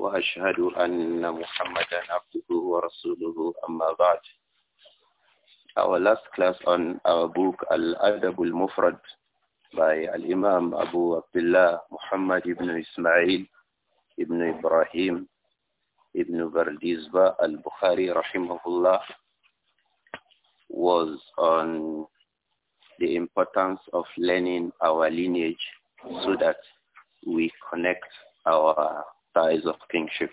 وأشهد أن محمدا عبده ورسوله أما بعد Our last class on our book Al-Adab al-Mufrad by Al-Imam Abu Abdullah Muhammad ibn Ismail ibn Ibrahim ibn Bardizba al-Bukhari rahimahullah was on the importance of learning our lineage so that we connect our ties of kinship,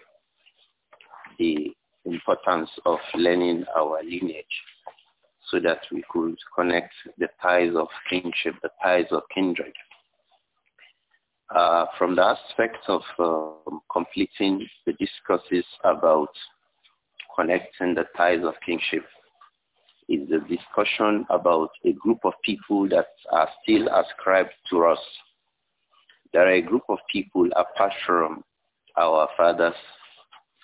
the importance of learning our lineage so that we could connect the ties of kinship, the ties of kindred. Uh, from the aspect of um, completing the discourses about connecting the ties of kinship is the discussion about a group of people that are still ascribed to us. There are a group of people apart from our fathers,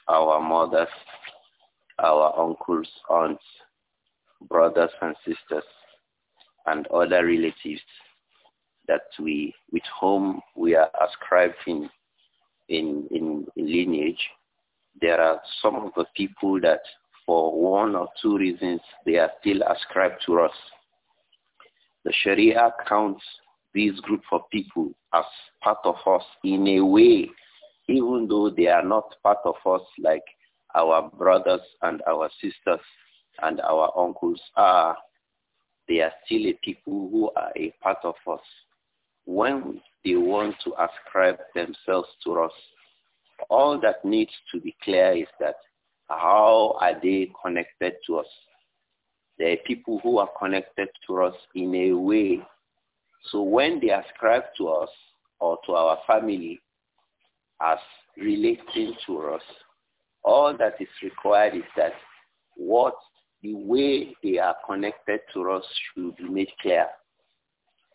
our mothers, our uncles, aunts, brothers and sisters, and other relatives that we, with whom we are ascribed in, in, in lineage, there are some of the people that for one or two reasons they are still ascribed to us. The Sharia counts this group of people as part of us in a way even though they are not part of us like our brothers and our sisters and our uncles are, they are still a people who are a part of us. When they want to ascribe themselves to us, all that needs to be clear is that how are they connected to us? They are people who are connected to us in a way. So when they ascribe to us or to our family, as relating to us. All that is required is that what the way they are connected to us should be made clear.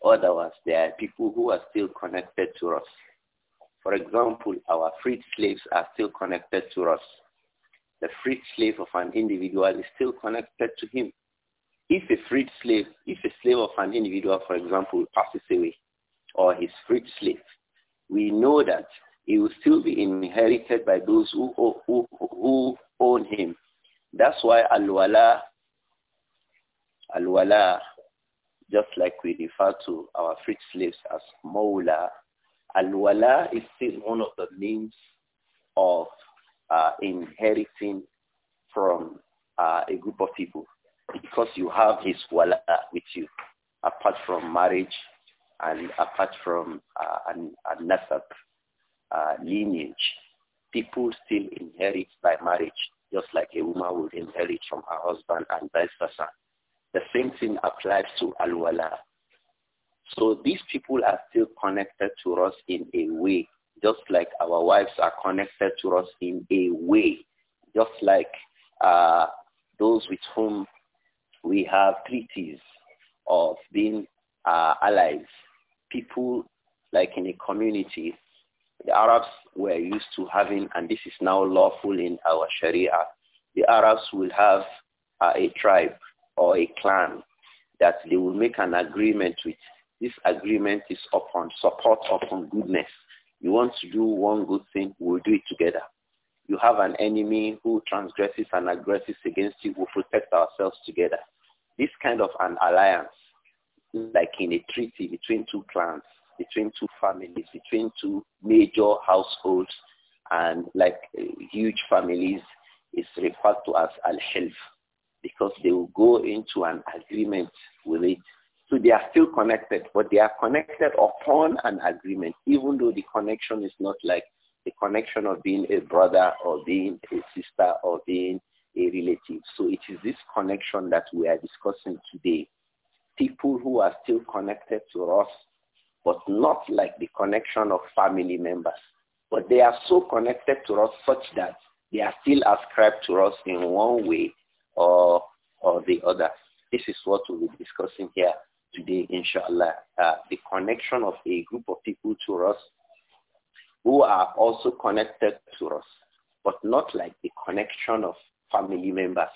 Otherwise, there are people who are still connected to us. For example, our freed slaves are still connected to us. The freed slave of an individual is still connected to him. If a freed slave, if a slave of an individual, for example, passes away, or his freed slave, we know that he will still be inherited by those who, who, who own him. That's why al-wala, al-wala, just like we refer to our freed slaves as mawla, al-wala is still one of the means of uh, inheriting from uh, a group of people because you have his wala with you, apart from marriage and apart from uh, an, an nasab uh, lineage, people still inherit by marriage, just like a woman would inherit from her husband and vice versa. The same thing applies to Alwala. So these people are still connected to us in a way, just like our wives are connected to us in a way, just like uh, those with whom we have treaties of being uh, allies. People, like in a community, the Arabs were used to having, and this is now lawful in our Sharia, the Arabs will have uh, a tribe or a clan that they will make an agreement with. This agreement is upon support, upon goodness. You want to do one good thing, we'll do it together. You have an enemy who transgresses and aggresses against you, we'll protect ourselves together. This kind of an alliance, like in a treaty between two clans, between two families, between two major households and like uh, huge families is referred to as al-hilf because they will go into an agreement with it. So they are still connected, but they are connected upon an agreement, even though the connection is not like the connection of being a brother or being a sister or being a relative. So it is this connection that we are discussing today. People who are still connected to us but not like the connection of family members. But they are so connected to us such that they are still ascribed to us in one way or, or the other. This is what we'll be discussing here today, inshallah. Uh, the connection of a group of people to us who are also connected to us, but not like the connection of family members,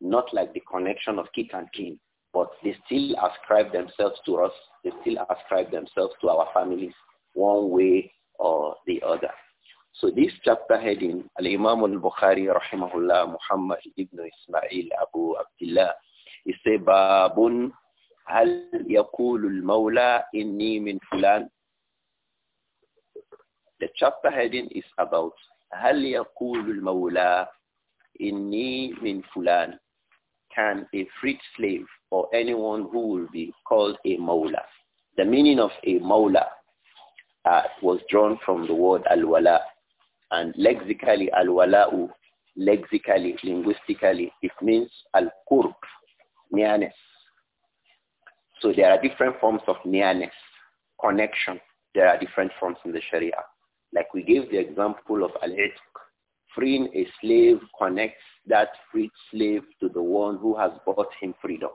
not like the connection of kick and kin, but they still ascribe themselves to us. They still ascribe themselves to our families one way or the other. So this chapter heading, Al-Imam al-Bukhari rahimahullah Muhammad ibn Ismail Abu Abdullah, he say, Babun هل يقول المولى إني من فلان The chapter heading is about هل يقول المولى إني من فلان can a freed slave or anyone who will be called a maula? The meaning of a maula uh, was drawn from the word al-wala. And lexically, al-wala'u, lexically, linguistically, it means al-qurb, nearness. So there are different forms of nearness, connection. There are different forms in the Sharia. Like we gave the example of al-itq, freeing a slave connects that freed slave to the one who has bought him freedom.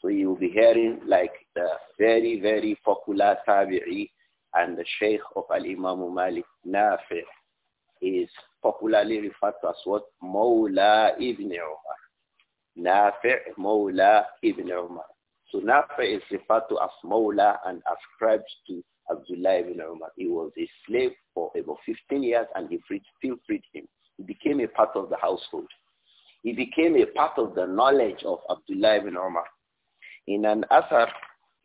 So you will be hearing like the very, very popular Tabi'i and the Sheikh of Al-Imam Malik, Nafi, is popularly referred to as what? Mawla Ibn Umar. Nafi, Mawla Ibn Umar. So Nafi is referred to as Mawla and ascribed to Abdullah ibn Umar. He was a slave for about 15 years and he freed, still freed him. He became a part of the household. He became a part of the knowledge of Abdullah ibn Umar. In an asar,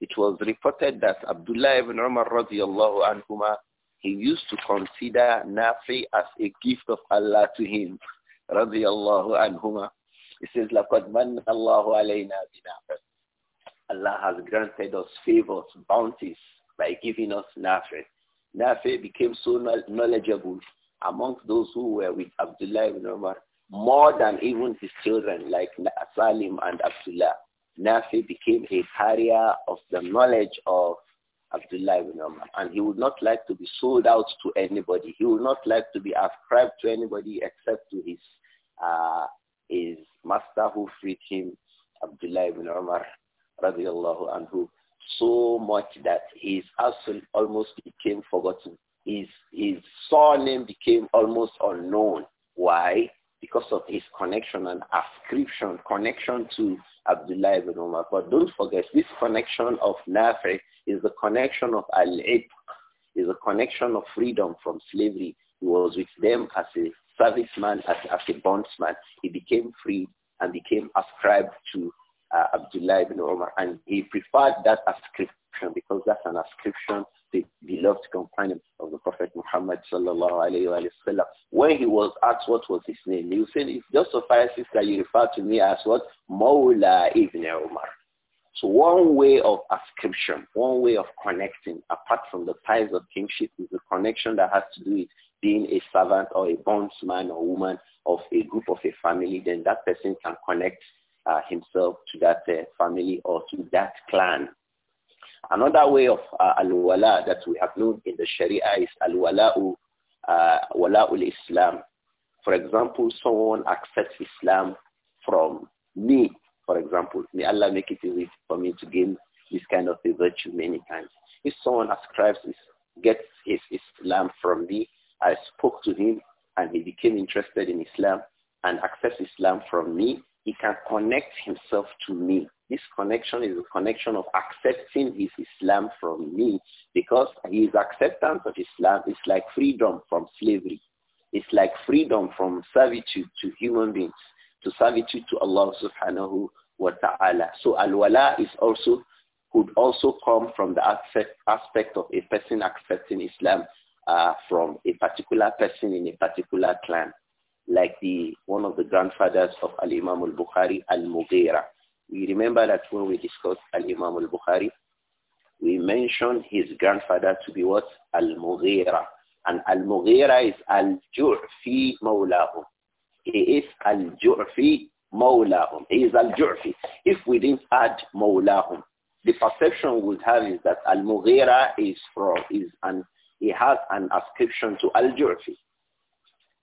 it was reported that Abdullah ibn Umar radiallahu anhuma, he used to consider Nafi as a gift of Allah to him radiallahu anhuma. He says, لَقَدْ مَنَّ اللَّهُ عَلَيْنَا Allah has granted us favors, bounties, by giving us Nafe. Nafe became so knowledgeable amongst those who were with Abdullah ibn Umar, more than even his children like Salim and Abdullah. Nafe became a carrier of the knowledge of Abdullah ibn Umar. And he would not like to be sold out to anybody. He would not like to be ascribed to anybody except to his, uh, his master who freed him, Abdullah ibn Umar, radiallahu anhu, so much that his Asul almost became forgotten. His, his surname became almost unknown. Why? Because of his connection and ascription, connection to Abdullah ibn Umar. But don't forget, this connection of Nafi is the connection of Al-Ibq, is a connection of freedom from slavery. He was with them as a serviceman, as, as a bondsman. He became free and became ascribed to uh, Abdullah ibn and he preferred that ascription because that's an ascription to the beloved companion of the Prophet Muhammad sallallahu alayhi wa, sallam. When he was asked what was his name, he said, it just suffices that you refer to me as what? Mawla ibn Umar. So one way of ascription, one way of connecting, apart from the ties of kingship, is the connection that has to do with being a servant or a bondsman or woman of a group of a family, then that person can connect uh, himself to that uh, family or to that clan. Another way of uh, al-wala that we have known in the Sharia is al-wala'u, uh, wala'ul Islam. For example, someone accepts Islam from me, for example. May Allah make it easy for me to gain this kind of a virtue many times. If someone ascribes his, gets his Islam from me, I spoke to him and he became interested in Islam and accepts Islam from me, he can connect himself to me. This connection is a connection of accepting his Islam from me because his acceptance of Islam is like freedom from slavery. It's like freedom from servitude to human beings, to servitude to Allah subhanahu wa ta'ala. So al-wala is also, could also come from the aspect, of a person accepting Islam uh, from a particular person in a particular clan like the one of the grandfathers of Al-Imam al-Bukhari, Al-Mughira. We remember that when we discussed Al-Imam al-Bukhari, we mentioned his grandfather to be what? Al-Mughira. And Al-Mughira is Al-Ju'fi Mawlahum. He is Al-Ju'fi Mawlahum. He is Al-Ju'fi. If we didn't add Mawlahum, the perception would have is that Al-Mughira is from, is an, he has an ascription to Al-Ju'fi.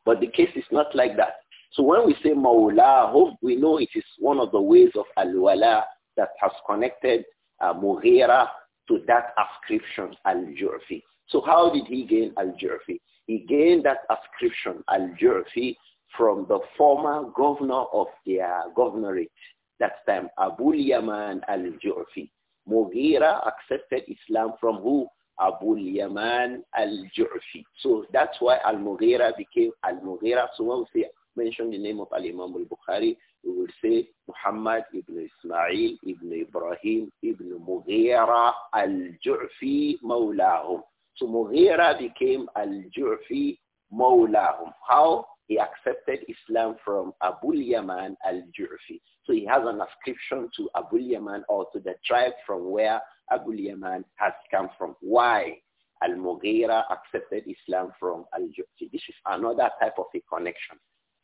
But the case is not like that. So when we say mawlahum, we know it is one of the ways of al-wala that has connected uh, Mughira to that ascription al-jurfi. So how did he gain al-jurfi? He gained that ascription al-jurfi from the former governor of the governorate. That time, Abu Yaman al-Jurfi. Mughira accepted Islam from who? Abu Yaman al-Ju'fi. So that's why Al-Mughira became Al-Mughira. So when we say, mention the name of Al-Imam al-Bukhari, we will say Muhammad ibn Ismail ibn Ibrahim ibn Mughira al jurfi mawlahum. So Mughira became al-Ju'fi mawlahum. How? He accepted Islam from Abu Yaman al-Ju'fi. So he has an ascription to Abu Yaman or to the tribe from where Abu Yaman has come from. Why? Al-Mughira accepted Islam from Al-Ju'fi. This is another type of a connection.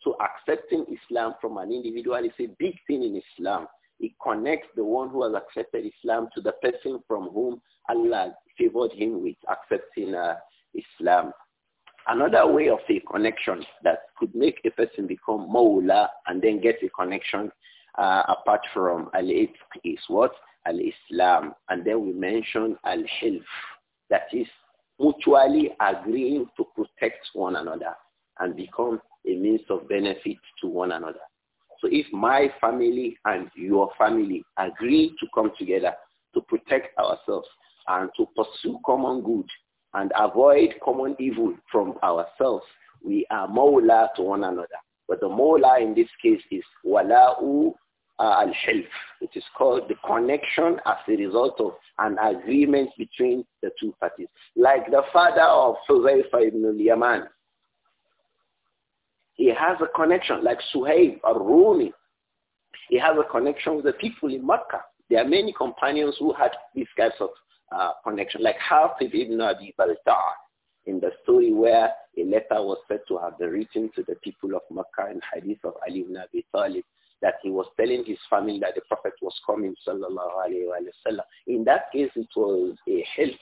So accepting Islam from an individual is a big thing in Islam. It connects the one who has accepted Islam to the person from whom Allah favored him with accepting uh, Islam. Another way of a connection that could make a person become Mawla and then get a connection uh, apart from Al-Itq is what? al-Islam. And then we mentioned al-Hilf, that is mutually agreeing to protect one another and become a means of benefit to one another. So if my family and your family agree to come together to protect ourselves and to pursue common good and avoid common evil from ourselves, we are mawla to one another. But the mawla in this case is wala'u uh, al-hilf. It is called the connection as a result of an agreement between the two parties. Like the father of Huzaifa ibn al-Yaman. He has a connection, like Suhaib al-Rumi. He has a connection with the people in Makkah. There are many companions who had these kinds of uh, connection, like Hafiz ibn Abi Balta'a in the story where a letter was said to have been written to the people of Makkah in hadith of Ali ibn Abi Talib that he was telling his family that the Prophet was coming, sallallahu alayhi wa In that case, it was a help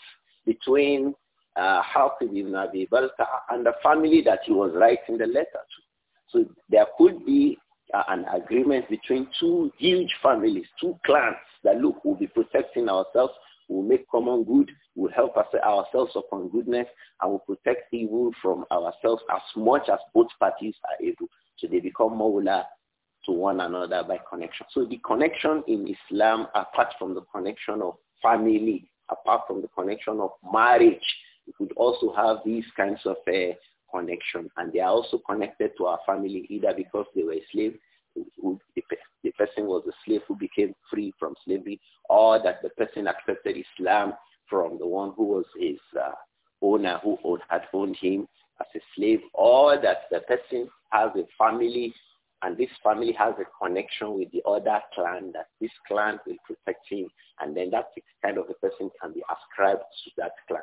between uh, Hatib ibn Abi Balta and the family that he was writing the letter to. So there could be uh, an agreement between two huge families, two clans that look, we'll be protecting ourselves, we'll make common good, we'll help us, ourselves upon goodness, and we'll protect evil from ourselves as much as both parties are able. So they become mawla to one another by connection. So the connection in Islam, apart from the connection of family, apart from the connection of marriage, we could also have these kinds of uh, connection. And they are also connected to our family either because they were slaves, slave, who, the, the person was a slave who became free from slavery, or that the person accepted Islam from the one who was his uh, owner, who owned, had owned him as a slave, or that the person has a family and this family has a connection with the other clan that this clan will protect him and then that kind of a person can be ascribed to that clan.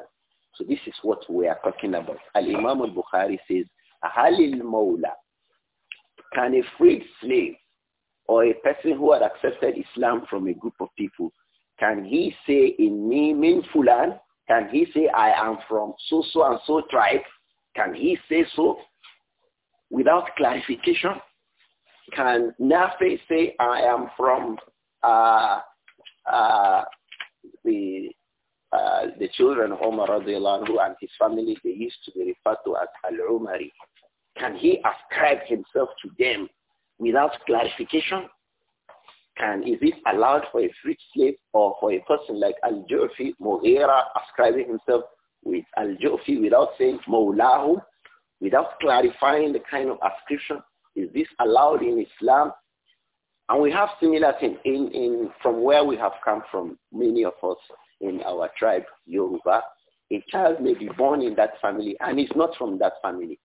So this is what we are talking about. Al-Imam al-Bukhari says, "Halil Mawla, can a freed slave or a person who had accepted Islam from a group of people, can he say in me, mean fulan, can he say I am from so, so and so tribe? Can he say so without clarification? Can Nafi say, I am from uh, uh, the uh, the children of Omar anhu and his family, they used to be referred to as Al-Umari. Can he ascribe himself to them without clarification? Can, is it allowed for a free slave or for a person like Al-Jufi, Mughira, ascribing himself with Al-Jufi without saying Mawlahu, without clarifying the kind of ascription? Is this allowed in Islam? And we have similar things in, in, from where we have come from, many of us in our tribe, Yoruba. A child may be born in that family and is not from that family.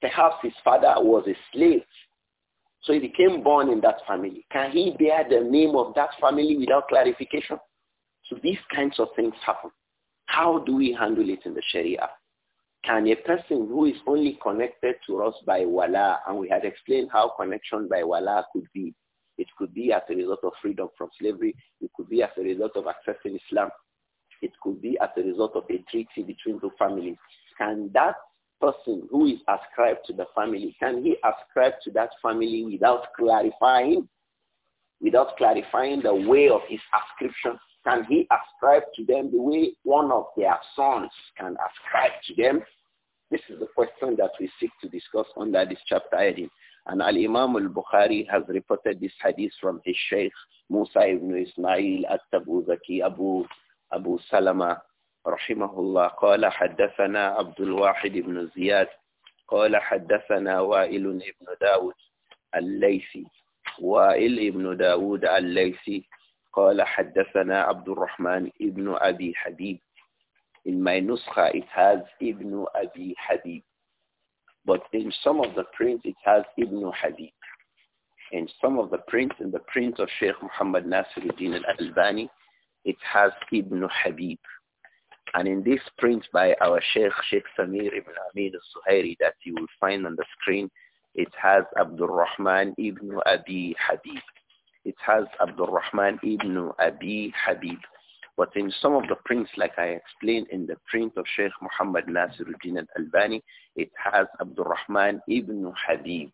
Perhaps his father was a slave, so he became born in that family. Can he bear the name of that family without clarification? So these kinds of things happen. How do we handle it in the Sharia? Can a person who is only connected to us by wala, and we had explained how connection by wala could be, it could be as a result of freedom from slavery, it could be as a result of accepting Islam, it could be as a result of a treaty between two families. Can that person who is ascribed to the family, can he ascribe to that family without clarifying, without clarifying the way of his ascription? Can he ascribe to them the way one of their sons can ascribe to them? This is the question that we seek to discuss under this chapter heading. And Al-Imam al-Bukhari has reported this hadith from his Shaykh Musa ibn Ismail at-Tabuzaki Abu, Abu Salama رحمه الله قال حدثنا Ibn Ziyad بن زياد قال Ibn وائل Al Laythi, Wa'il Ibn بن Al Laythi.'" قال حدثنا عبد الرحمن ابن أبي حبيب In my nuskha it has Ibn Abi Habib. But in some of the prints it has Ibn Habib. In some of the prints, in the prints of Sheikh Muhammad Nasiruddin al-Albani, it has Ibn Habib. And in this print by our Sheikh, Sheikh Samir ibn Amin al-Suhairi that you will find on the screen, it has Abdul Rahman ibn Abi Habib. It has Abdul Rahman ibn Abi Habib. But in some of the prints, like I explained in the print of Sheikh Muhammad Nasiruddin al-Albani, it has Abdul Rahman ibn Habib.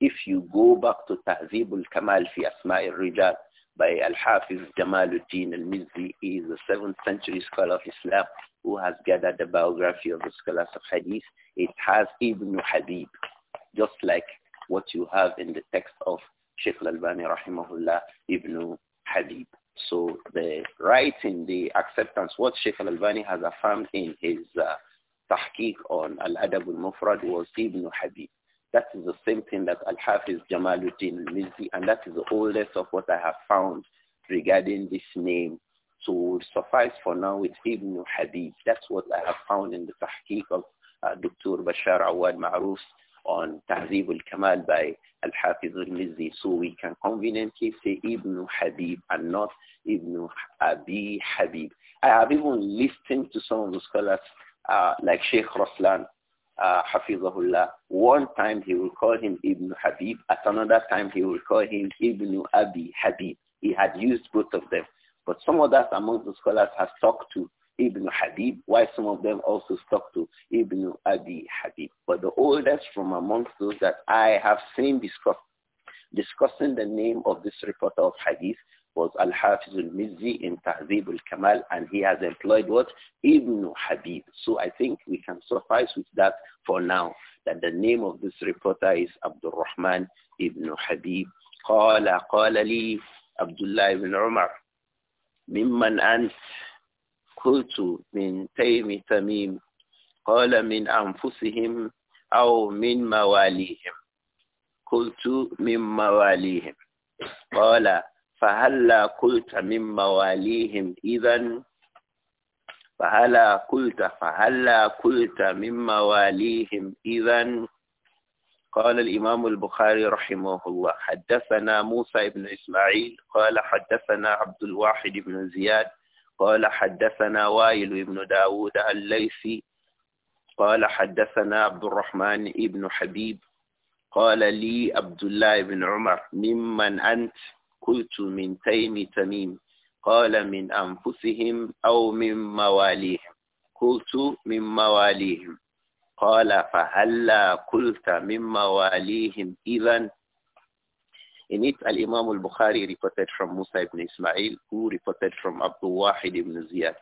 If you go back to Tahzib al-Kamal fi Asma' al-Rijal by Al-Hafiz Jamaluddin al-Mizzi, he is a 7th century scholar of Islam who has gathered the biography of the scholars of Hadith. It has Ibn Habib, just like what you have in the text of Sheikh Al-Albani rahimahullah Ibn Habib. So the writing, the acceptance, what Sheikh Al-Albani has affirmed in his uh, tahqiq on Al-Adab al-Mufrad was Ibn Habib. That is the same thing that Al-Hafiz Jamaluddin al-Mizzi, and that is the oldest of what I have found regarding this name. So suffice for now with Ibn Habib. That's what I have found in the tahqiq of uh, Dr. Bashar Awad Ma'ruf on Tahzib al-Kamal by Al-Hafiz al-Mizzi. So we can conveniently say Ibn Habib and not Ibn Abi Habib. I have even listened to some of the scholars uh, like Sheikh Raslan, uh, Hafizahullah. One time he will call him Ibn Habib. At another time he will call him Ibn Abi Habib. He had used both of them. But some others among the scholars have talked to Ibn Habib, while some of them also stuck to Ibn Abi Habib. But the oldest from amongst those that I have seen discuss, discussing the name of this reporter of hadith was Al-Hafiz al-Mizzi in Tahzib al-Kamal, and he has employed what? Ibn Habib. So I think we can suffice with that for now, that the name of this reporter is Abdul Rahman ibn Habib. قال قال لي عبد الله بن عمر ممن أنت قلت من تيم تميم قال من أنفسهم أو من مواليهم قلت من مواليهم قال فهلا قلت من مواليهم إذا فهلا قلت فهلا قلت من مواليهم إذا قال الإمام البخاري رحمه الله حدثنا موسى بن إسماعيل قال حدثنا عبد الواحد بن زياد قال حدثنا وائل بن داود الليثي قال حدثنا عبد الرحمن بن حبيب قال لي عبد الله بن عمر ممن أنت قلت من تيم تميم قال من أنفسهم أو من مواليهم قلت من مواليهم قال فهلا قلت من مواليهم إذا In it, Al-Imam al-Bukhari reported from Musa ibn Ismail, who reported from Abdul Wahid ibn Ziyad.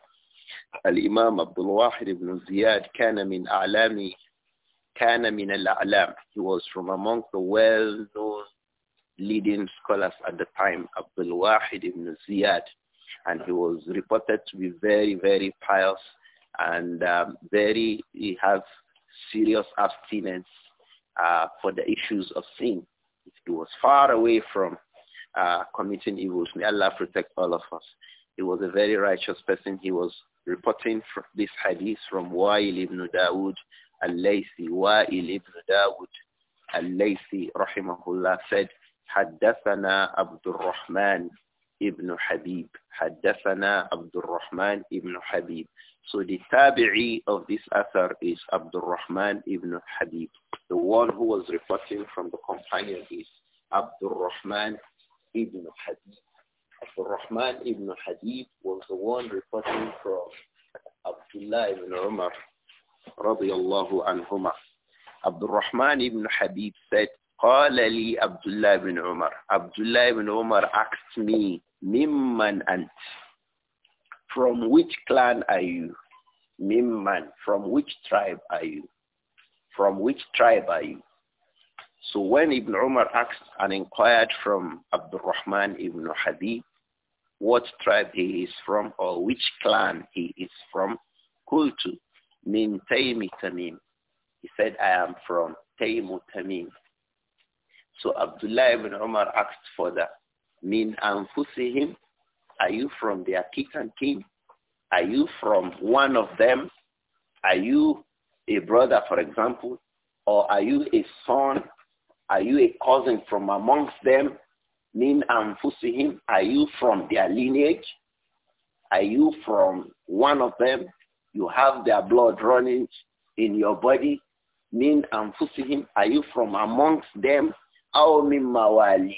Al-Imam Abdul Wahid ibn Ziyad كان من أعلام كان من الأعلام. He was from among the well-known leading scholars at the time, Abdul Wahid ibn Ziyad. And he was reported to be very, very pious and um, very, he has serious abstinence uh, for the issues of sin. He was far away from uh, committing evils. May Allah protect all of us. He was a very righteous person. He was reporting this hadith from Wa'il ibn Dawood al laythi Wa'il ibn Dawood al laythi rahimahullah said, حدثنا عبد الرحمن ابن حبيب حدثنا عبد الرحمن ابن حبيب so the tabi'i of this asar is Abdul Rahman ibn Hadith. The one who was reporting from the companion is Abdul Rahman ibn Hadith. Abdul Rahman ibn Hadith was the one reporting from Abdullah ibn Umar radiyallahu anhumah. Abdul Rahman ibn Hadith said, قال لي عبد الله بن عمر عبد الله بن عمر asked me ممن أنت from which clan are you? Mimman. From which tribe are you? From which tribe are you? So when Ibn Umar asked and inquired from Abdul Rahman ibn Habib what tribe he is from or which clan he is from, Kultu min Taymi Tamim. He said, I am from Taymu Tamim. So Abdullah ibn Umar asked for that. Min anfusihim are you from the Akitan team? Are you from one of them? Are you a brother, for example? Or are you a son? Are you a cousin from amongst them? Min anfusihim? Are you from their lineage? Are you from one of them? You have their blood running in your body. Min anfusihim? Are you from amongst them? Aw min mawalihim?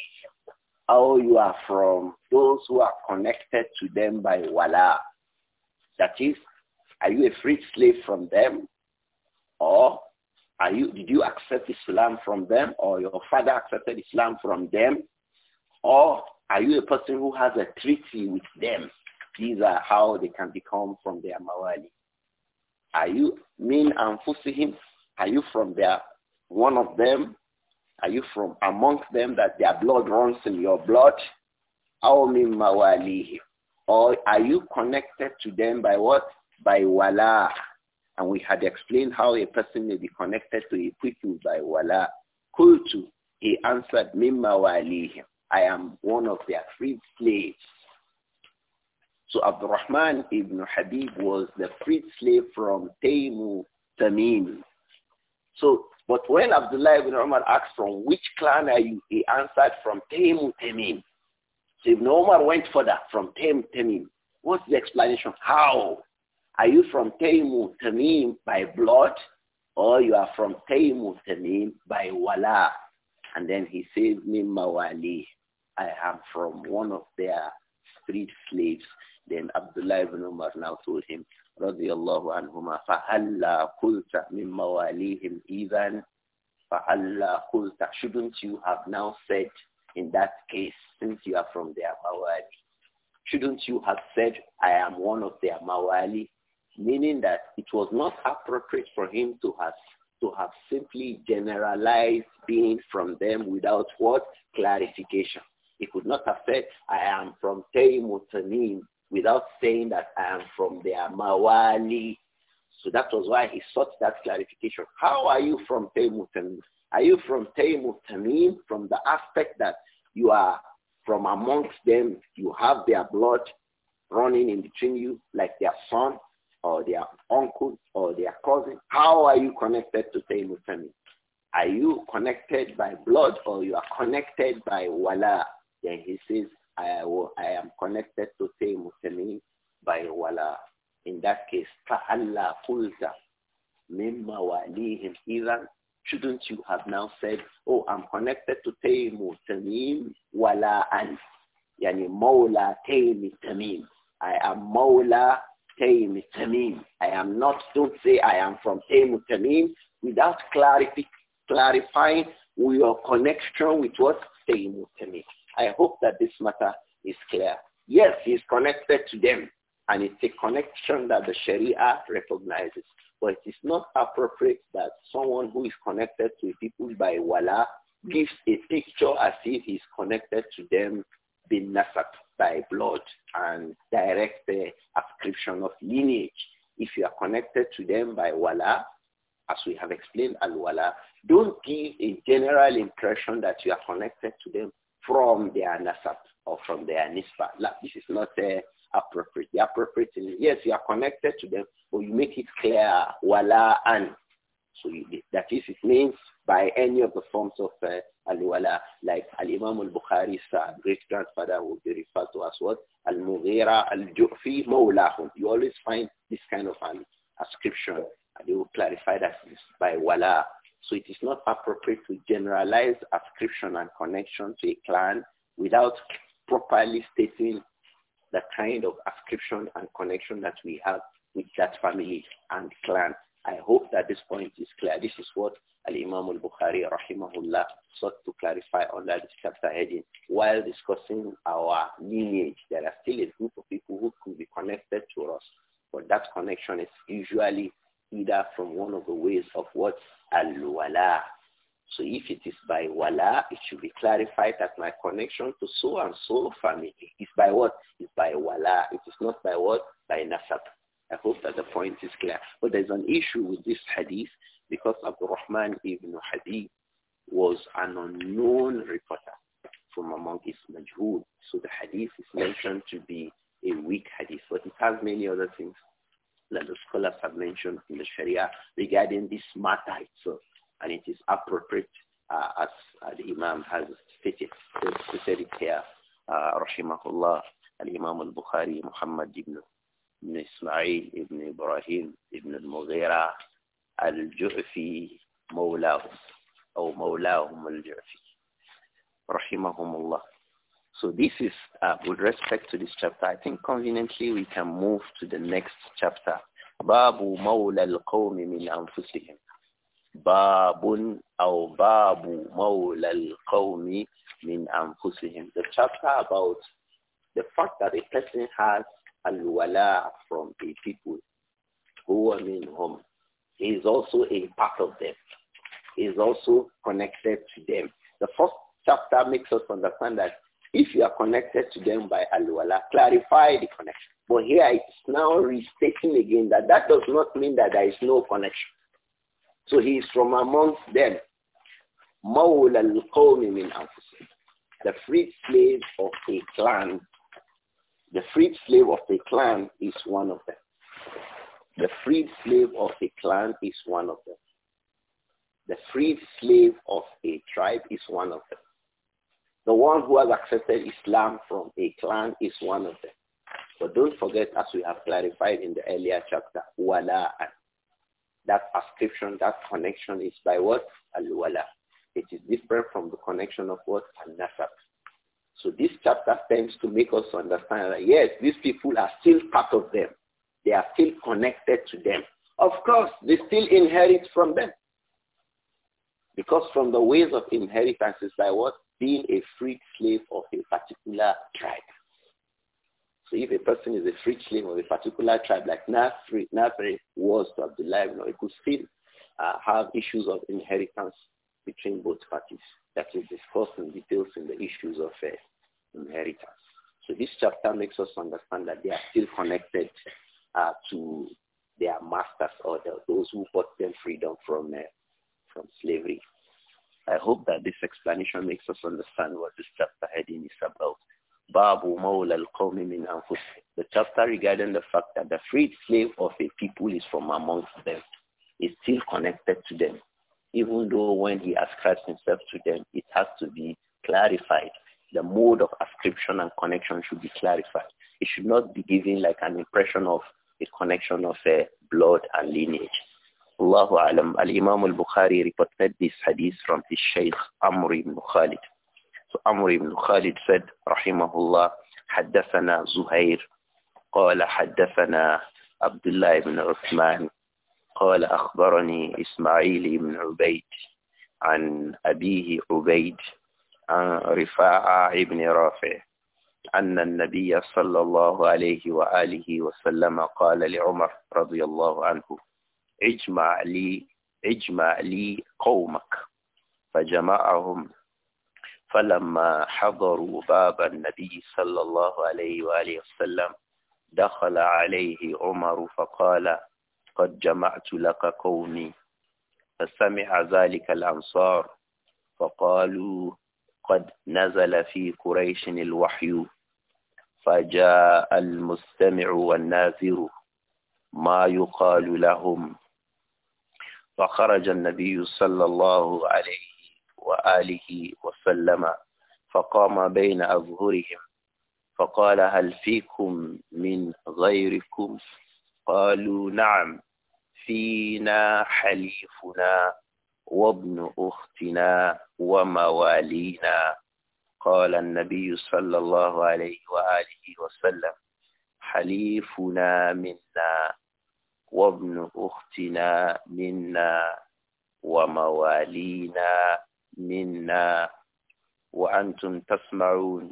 how you are from those who are connected to them by wala. That is, are you a freed slave from them? Or are you, did you accept Islam from them? Or your father accepted Islam from them? Or are you a person who has a treaty with them? These are how they can become from their mawali. Are you min him? Are you from their one of them are you from amongst them that their blood runs in your blood? Or are you connected to them by what? By wala. And we had explained how a person may be connected to a people by wala. Kultu, he answered, Mimma walihim. I am one of their freed slaves. So Abdurrahman ibn Habib was the freed slave from Taimu Tamim. So but when Abdullah ibn Umar asked from which clan are you, he answered from Taim Tamim. So Ibn Umar went further from Taim Tamim. What's the explanation? How? Are you from Taim Tamim by blood or you are from Taim Tamim by Wala? And then he says, Mawali. I am from one of their street slaves. Then Abdullah ibn Umar now told him, رضي الله عنهما فهلا قلت من مواليهم إذا فهلا قلت shouldn't you have now said in that case since you are from their mawali shouldn't you have said I am one of their mawali meaning that it was not appropriate for him to have to have simply generalized being from them without what clarification. He could not have said, I am from Taymutaneen without saying that I am from the Amawali. So that was why he sought that clarification. How are you from Taimur Tamim? Are you from Taimur Tamim from the aspect that you are from amongst them, you have their blood running in between you like their son or their uncle or their cousin? How are you connected to Taimur Tamim? Are you connected by blood or you are connected by wala? Then he says, I, I am connected to say Muslimin by wala. In that case, فَأَلَّا قُلْتَ مِمَّا وَعْلِيهِمْ إِذًا Shouldn't you have now said, oh, I'm connected to Taymu Tamim wala an. Yani Mawla Taymi Tamim. I am Mawla Taymi Tamim. I am not, don't say I am from Taymu Tamim without clarifying your connection with what? Taymu Tamim. I hope that this matter is clear. Yes, he's connected to them, and it's a connection that the Sharia recognizes. But it is not appropriate that someone who is connected to people by wala gives a picture as if he's connected to them bin nasab, by blood, and direct the ascription of lineage. If you are connected to them by wala, as we have explained al-wala, don't give a general impression that you are connected to them from their nasab or from their nisba. Like, this is not uh, appropriate. The appropriate is, yes, you are connected to them, but you make it clear, wala an. So you, that is, it means by any of the forms of uh, al-wala, like al-Imam al-Bukhari's uh, great-grandfather will be referred to as what? Al-Mughira al-Ju'fi mawlahum. You always find this kind of an um, ascription. And they will clarify that by wala so it is not appropriate to generalize ascription and connection to a clan without properly stating the kind of ascription and connection that we have with that family and clan. I hope that this point is clear. This is what Al-Imam al-Bukhari rahimahullah sought to clarify under this chapter heading. While discussing our lineage, there are still a group of people who could be connected to us, but that connection is usually either from one of the ways of what al-wala. So if it is by wala, it should be clarified that my connection to so and so family is by what? It's by wala. It is not by what? By nasab. I hope that the point is clear. But there's an issue with this hadith because Abdul Rahman ibn Hadith was an unknown reporter from among his majhul. So the hadith is mentioned to be a weak hadith, but it has many other things that the scholars have mentioned in the Sharia regarding this matter itself. And it is appropriate uh, as uh, the Imam has stated. So he said it here, uh, Rahimahullah, Al-Imam al-Bukhari, Muhammad ibn, ibn Ismail, ibn Ibrahim, ibn al-Mughira, al-Ju'fi, مولاه أو مولاهم الجعفي رحمهم الله so this is uh, with respect to this chapter. I think conveniently we can move to the next chapter. Babu mawla al-qawmi min anfusihim. Babun aw babu mawla al-qawmi min anfusihim. The chapter about the fact that a person has al-wala from a people who are in home. He is also a part of them. He is also connected to them. The first chapter makes us understand that if you are connected to them by al clarify the connection. But here it's now restating again that that does not mean that there is no connection. So he is from amongst them. مولى القوم من the freed slave of a clan, the freed slave of a clan is one of them. The freed slave of a clan is one of them. The freed slave of a tribe is one of them. The one who has accepted Islam from a clan is one of them. But don't forget, as we have clarified in the earlier chapter, wala. That ascription, that connection is by what? Al-wala. It is different from the connection of what? Al-nasab. So this chapter tends to make us understand that yes, these people are still part of them. They are still connected to them. Of course, they still inherit from them. Because from the ways of inheritance is by what? being a freed slave of a particular tribe. So if a person is a freed slave of a particular tribe, like Nasri, free was to Abdullah ibn, it could still uh, have issues of inheritance between both parties. That is discussed in details in the issues of uh, inheritance. So this chapter makes us understand that they are still connected uh, to their masters or the, those who bought them freedom from, uh, from slavery. I hope that this explanation makes us understand what this chapter heading is about. Babu al min The chapter regarding the fact that the freed slave of a people is from amongst them, is still connected to them. Even though when he ascribes himself to them, it has to be clarified. The mode of ascription and connection should be clarified. It should not be given like an impression of a connection of uh, blood and lineage. الله أعلم الإمام البخاري al-Bukhari reported this hadith from his Shaykh Amr ibn Khalid. So Amr ibn Khalid حدثنا زهير قال حدثنا عبد الله بن عثمان قال أخبرني إسماعيل بن عبيد عن أبيه عبيد عن رفاعة بن رافع أن النبي صلى الله عليه وآله وسلم قال لعمر رضي الله عنه اجمع لي اجمع لي قومك فجمعهم فلما حضروا باب النبي صلى الله عليه وآله وسلم دخل عليه عمر فقال قد جمعت لك قومي فسمع ذلك الأنصار فقالوا قد نزل في قريش الوحي فجاء المستمع والناذر ما يقال لهم فخرج النبي صلى الله عليه وآله وسلم فقام بين أظهرهم فقال هل فيكم من غيركم قالوا نعم فينا حليفنا وابن أختنا وموالينا قال النبي صلى الله عليه وآله وسلم حليفنا منا وابن أختنا منا وموالينا منا وأنتم تسمعون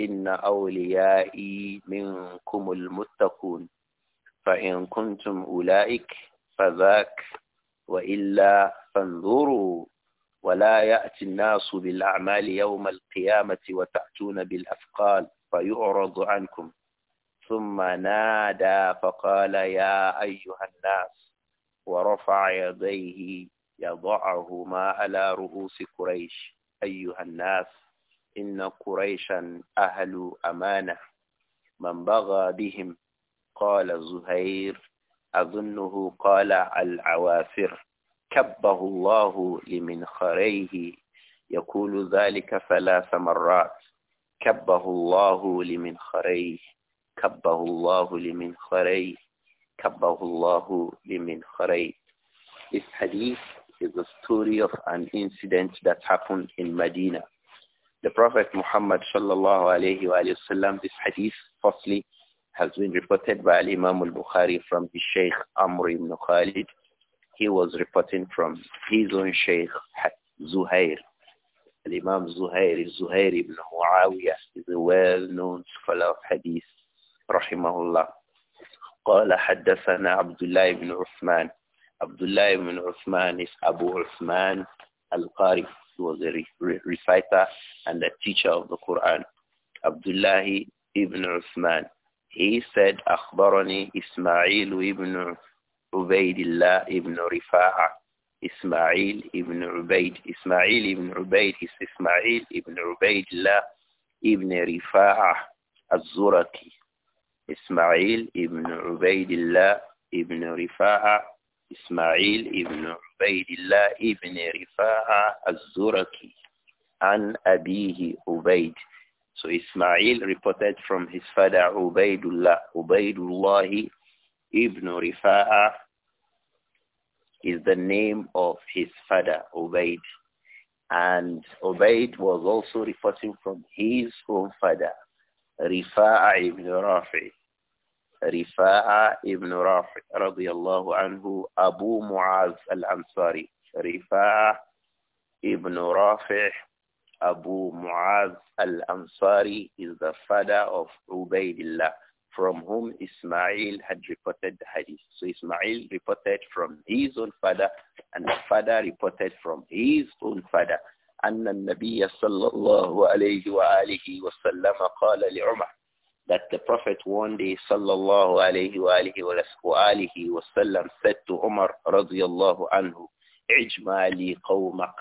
إن أوليائي منكم المتقون فإن كنتم أولئك فذاك وإلا فانظروا ولا يأتي الناس بالأعمال يوم القيامة وتأتون بالأثقال فيعرض عنكم ثم نادى فقال يا أيها الناس ورفع يديه يضعهما على رؤوس قريش أيها الناس إن قريشا أهل أمانة من بغى بهم قال زهير أظنه قال العوافر كبه الله لمن خريه يقول ذلك ثلاث مرات كبه الله لمن خريه كبه الله لمن كبه الله لمن This hadith is a story of an incident that happened in Medina. The Prophet Muhammad sallallahu alayhi wa sallam, this hadith firstly has been reported by Imam al-Bukhari from his Sheikh Amr ibn Khalid. He was reporting from his own Sheikh Zuhair. imam Zuhair, Zuhair ibn Muawiyah is a well-known scholar of hadith رحمه الله قال حدثنا عبد الله بن عثمان عبد الله بن عثمان is Abu Uthman al-Qari he was a reciter and a teacher of the Quran Abdullah ibn Uthman he said أخبرني إسماعيل ibn عبيد الله ibn رفاعة إسماعيل ibn عبيد إسماعيل ibn عبيد is إسماعيل ibn عبيد الله ibn رفاعة الزركي Ismail ibn Ubaidillah ibn Rifa'a, Ismail ibn Ubaidillah ibn Rifa'a az-Zuraki, an abihi Ubaid. So Ismail reported from his father Ubaidullah, Ubaidullah ibn Rifa'a is the name of his father Ubaid. And Ubaid was also reporting from his own father, Rifa'a ibn Rafi. Rifa'a ibn Rafi radiallahu anhu Abu Mu'az al-Ansari. Rifa'a ibn Rafi Abu Mu'az al-Ansari is the father of Ubaidillah from whom Ismail had reported the hadith. So Ismail reported from his own father and the father reported from his own father. أن النبي صلى الله عليه وآله وسلم قال لعمر that the Prophet one day sallallahu alayhi wa alihi wa sallam said to Umar radiyallahu anhu, Ijma'li qawmak.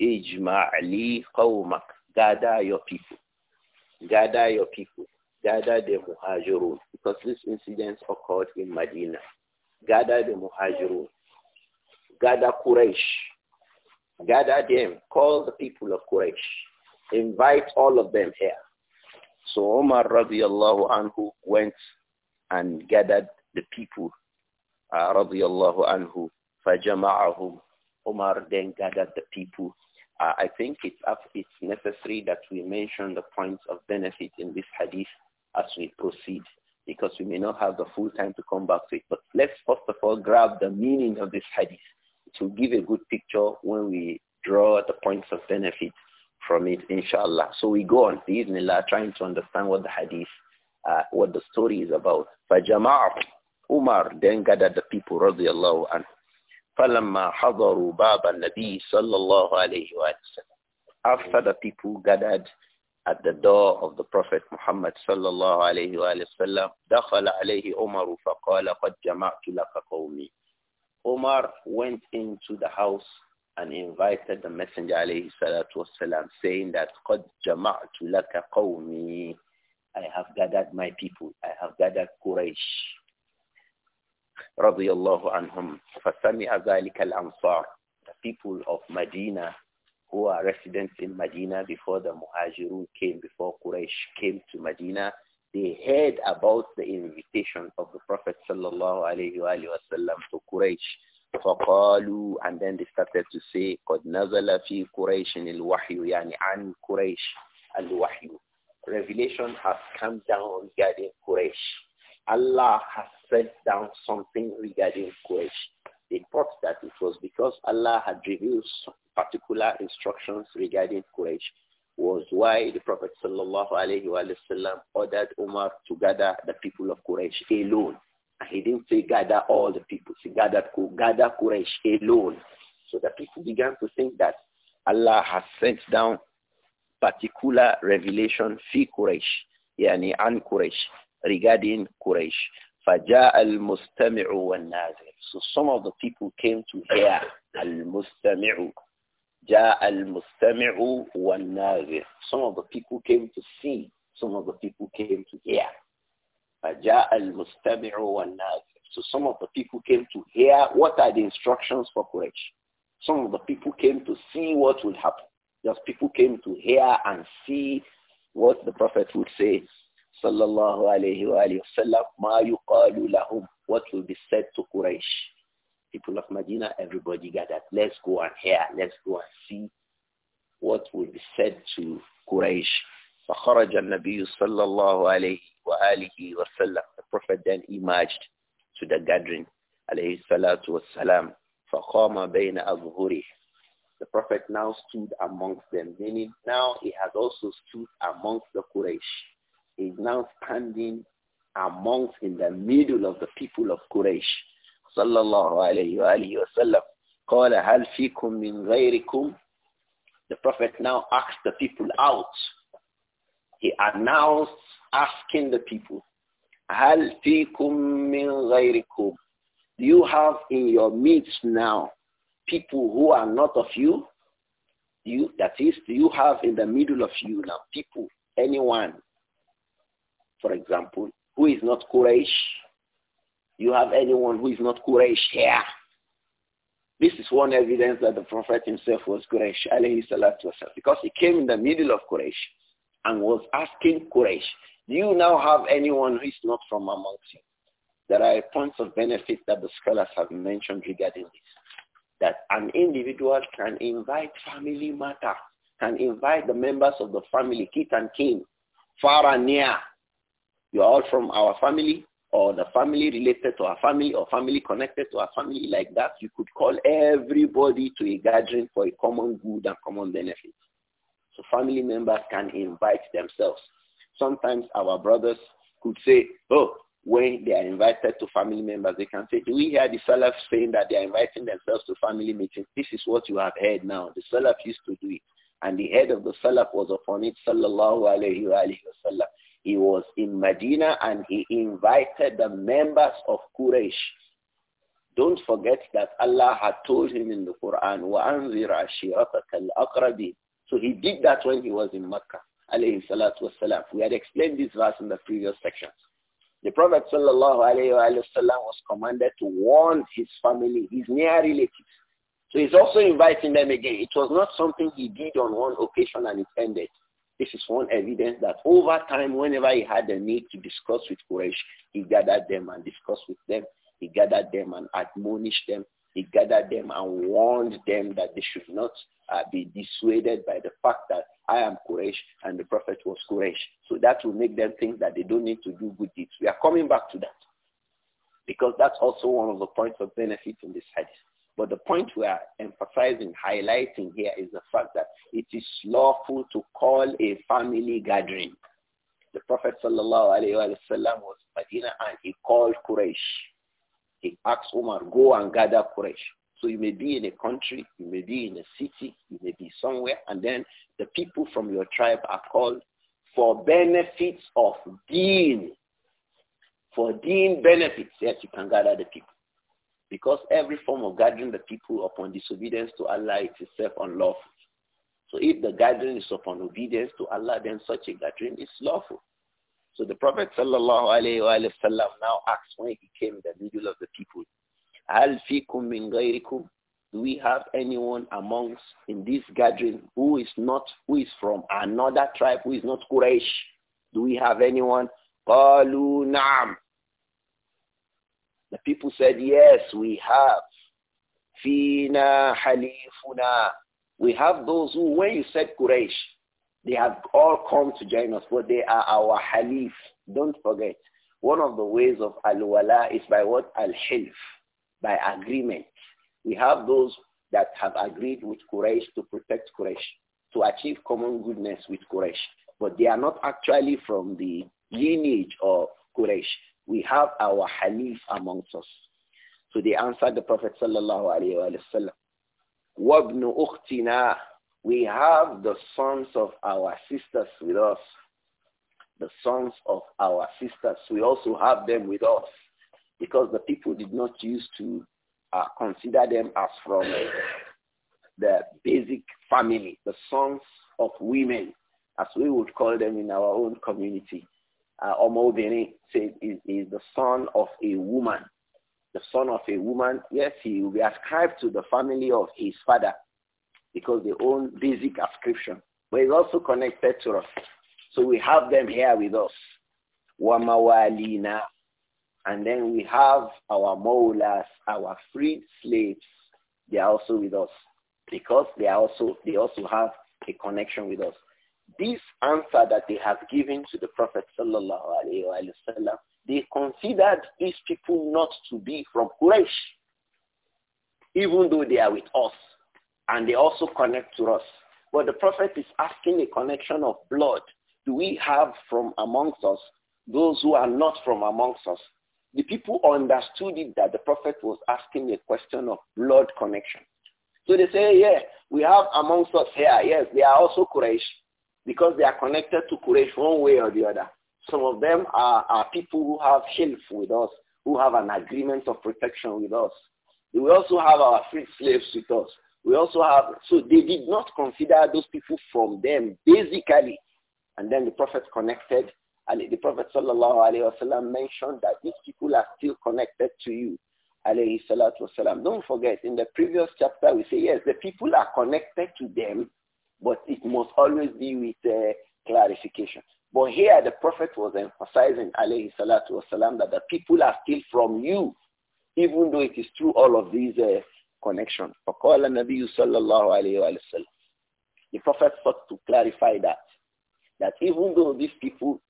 Ijma'li qawmak. Gather your people. Gather your people. Gather the muhajirun. Because this incident occurred in Medina. Gather the muhajirun. Gather Quraysh. Gather them. Call the people of Quraysh. Invite all of them here so Umar radiallahu anhu went and gathered the people uh, radiallahu anhu فَجَمَعَهُمْ Umar then gathered the people. Uh, I think it's, up, it's necessary that we mention the points of benefit in this hadith as we proceed because we may not have the full time to come back to it. But let's first of all grab the meaning of this hadith. to give a good picture when we draw the points of benefit from it, inshallah. So we go on, bi'idhnillah, trying to understand what the hadith, uh, what the story is about. فَجَمَعَ Umar then gathered the people, رضي الله عنه. فَلَمَّا حَضَرُوا بَابَ النَّبِي صَلَّى اللَّهُ عَلَيْهِ وَسَلَّمَ After the people gathered at the door of the Prophet Muhammad صلى الله عليه وسلم دخل عليه عمر فقال قد جمعت لك قومي Omar went into the house and invited the Messenger alayhi salatu wasalam, saying that قَدْ جَمَعْتُ لَكَ قَوْمِي I have gathered my people. I have gathered Quraysh. رضي الله عنهم فسمع ذلك الأنصار The people of Medina who are residents in Medina before the Muhajirun came, before Quraysh came to Medina, they heard about the invitation of the Prophet sallallahu alayhi wa to Quraysh فقالوا and then they started to say قد نزل في قريش الوحي يعني عن قريش الوحي revelation has come down regarding Quraysh Allah has sent down something regarding Quraysh they thought that it was because Allah had revealed particular instructions regarding Quraysh was why the Prophet sallallahu alaihi ordered Umar to gather the people of Quraysh alone he didn't say gather all the people. He gathered Quraysh alone. So the people began to think that Allah has sent down particular revelation fi Quraysh, yani an Quraysh, regarding Quraysh. فَجَاءَ الْمُسْتَمِعُ وَالنَّازِلُ So some of the people came to hear al-mustami'u. جَاءَ الْمُسْتَمِعُ وَالنَّازِلُ Some of the people came to see. Some of the people came to hear. So some of the people came to hear what are the instructions for Quraysh. Some of the people came to see what would happen. Just people came to hear and see what the Prophet would say. Sallallahu alayhi wa sallam, ma yuqalu lahum. What will be said to Quraysh? People of Medina, everybody gathered. Let's go and hear. Let's go and see what will be said to Quraysh. فخرج النبي صلى الله عليه wa alihi wa sallam. The Prophet then emerged to the gathering, alayhi salatu wa salam. فَقَامَ بَيْنَ أَظْهُرِهِ The Prophet now stood amongst them, meaning now he has also stood amongst the Quraysh. He is now standing amongst in the middle of the people of Quraysh. صلى الله عليه وآله وسلم قال هل فيكم من غيركم The Prophet now asked the people out. He announced asking the people, Hal min ghayrikum. Do you have in your midst now people who are not of you? You, that is, do you have in the middle of you now people, anyone, for example, who is not Quraysh? You have anyone who is not Quraysh here? This is one evidence that the Prophet himself was Quraysh, alayhi salatu wasalam, because he came in the middle of Quraysh and was asking Quraysh, do you now have anyone who is not from amongst you? There are points of benefit that the scholars have mentioned regarding this. That an individual can invite family matter, can invite the members of the family, kith and kin, far and near. You are all from our family or the family related to our family or family connected to our family like that. You could call everybody to a gathering for a common good and common benefit. So family members can invite themselves. Sometimes our brothers could say, oh, when they are invited to family members, they can say, do we hear the Salaf saying that they are inviting themselves to family meetings? This is what you have heard now. The Salaf used to do it. And the head of the Salaf was upon it, sallallahu alayhi wa sallam. He was in Medina and he invited the members of Quraysh. Don't forget that Allah had told him in the Quran, وَأَنْذِرْ عَشِيرَتَكَ الْأَقْرَبِينَ So he did that when he was in Mecca alayhi salatu wasalam. We had explained this verse in the previous sections. The Prophet sallallahu alayhi wa was commanded to warn his family, his near relatives. So he's also inviting them again. It was not something he did on one occasion and it ended. This is one evidence that over time, whenever he had a need to discuss with Quraysh, he gathered them and discussed with them. He gathered them and admonished them. He gathered them and warned them that they should not uh, be dissuaded by the fact that I am Quraysh and the Prophet was Quraysh. So that will make them think that they don't need to do good deeds. We are coming back to that because that's also one of the points of benefit in this hadith. But the point we are emphasizing, highlighting here is the fact that it is lawful to call a family gathering. The Prophet sallallahu alaihi wasallam was Medina and he called Quraysh. He asked Umar, go and gather Quraysh. So you may be in a country, you may be in a city, you may be somewhere, and then the people from your tribe are called for benefits of deen. For deen benefits, yes, you can gather the people. Because every form of gathering the people upon disobedience to Allah is itself unlawful. So if the gathering is upon obedience to Allah, then such a gathering is lawful. So the Prophet sallallahu alaihi wasallam now asked when he came in the middle of the people, هل فيكم من غيركم do we have anyone amongst in this gathering who is not who is from another tribe who is not Quraysh? Do we have anyone? قالوا نعم. The people said, yes, we have. Fina halifuna. We have those who, when you said Quraysh, they have all come to join us, but they are our halif. Don't forget, one of the ways of al-wala is by what? Al-hilf by agreement. We have those that have agreed with Quraysh to protect Quraysh, to achieve common goodness with Quraysh. But they are not actually from the lineage of Quraysh. We have our Hanif amongst us. So they answered the Prophet sallallahu alayhi wa sallam, Wabnu أُخْتِنَا We have the sons of our sisters with us. The sons of our sisters, we also have them with us because the people did not used to uh, consider them as from the basic family, the sons of women, as we would call them in our own community. Uh, Omobini said is, is the son of a woman. The son of a woman, yes, he will be ascribed to the family of his father because they own basic ascription. But he's also connected to us. So we have them here with us. Wamawalina and then we have our maulas, our free slaves. They are also with us because they are also they also have a connection with us. This answer that they have given to the Prophet sallallahu alaihi wasallam, they considered these people not to be from Quraysh, even though they are with us, and they also connect to us. But the Prophet is asking a connection of blood. Do we have from amongst us those who are not from amongst us? The people understood it that the prophet was asking a question of blood connection. So they say, yeah, we have amongst us here, yes, they are also Quraysh because they are connected to Quraysh one way or the other. Some of them are, are people who have help with us, who have an agreement of protection with us. We also have our free slaves with us. We also have, so they did not consider those people from them, basically. And then the Prophet connected and the Prophet sallallahu mentioned that these people are still connected to you. Don't forget, in the previous chapter we say, yes, the people are connected to them, but it must always be with uh, clarification. But here the Prophet was emphasizing, alayhi salatu wasalam, that the people are still from you, even though it is through all of these uh, connections. The Prophet sought to clarify that, that even though these people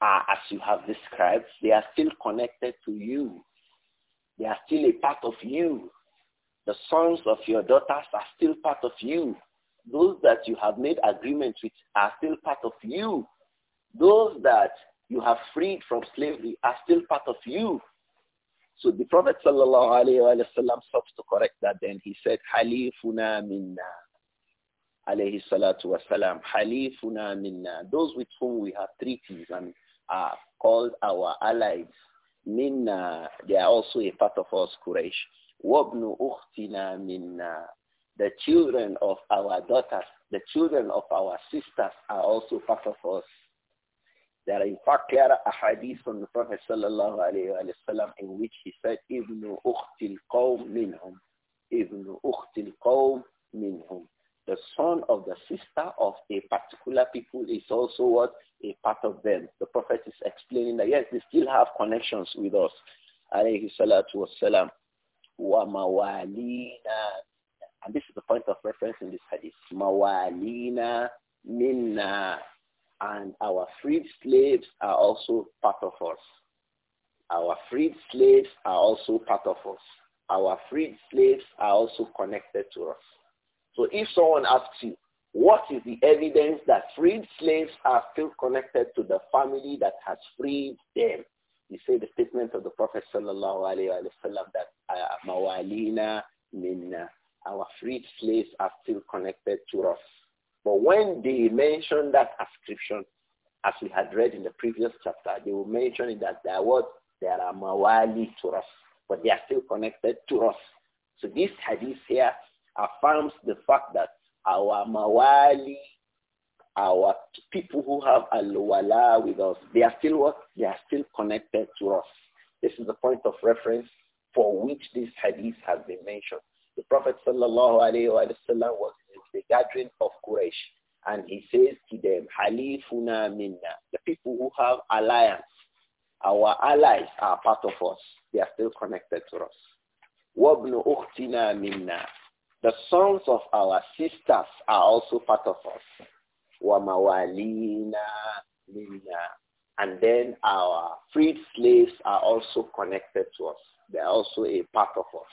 are ah, as you have described, they are still connected to you. They are still a part of you. The sons of your daughters are still part of you. Those that you have made agreements with are still part of you. Those that you have freed from slavery are still part of you. So the Prophet sallallahu stops to correct that. Then he said, "Halifuna minna." Alayhi salatu wasalam. Halifuna minna. Those with whom we have treaties and are called our allies. Minna, they are also a part of us, Quraysh. Wabnu ukhtina minna. The children of our daughters, the children of our sisters are also part of us. There are in fact clear hadith from the Prophet sallallahu alayhi wa sallam in which he said, Ibnu ukhtil qawm minhum. Ibnu ukhtil qawm minhum the son of the sister of a particular people is also what? A part of them. The Prophet is explaining that yes, they still have connections with us. And this is the point of reference in this hadith. Mawalina minna. And our freed slaves are also part of us. Our freed slaves are also part of us. Our freed slaves are also connected to us. So if someone asks you, what is the evidence that freed slaves are still connected to the family that has freed them? You say the statement of the Prophet sallallahu alaihi wasallam that uh, mawalina minna, our freed slaves are still connected to us. But when they mention that ascription, as we had read in the previous chapter, they will mention it that there was there are mawali to us, but they are still connected to us. So this hadith here affirms the fact that our mawali, our people who have alwala with us, they are still what? They are still connected to us. This is the point of reference for which this hadith has been mentioned. The Prophet sallallahu alayhi wa sallam was in the gathering of Quraysh and he says to them, Halifuna minna, the people who have alliance, our allies are part of us. They are still connected to us. Wabnu minna, the sons of our sisters are also part of us. And then our freed slaves are also connected to us. They are also a part of us.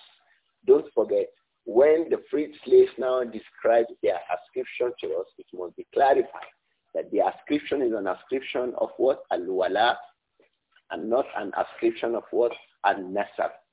Don't forget, when the freed slaves now describe their ascription to us, it must be clarified that the ascription is an ascription of what? Al-wala and not an ascription of what? al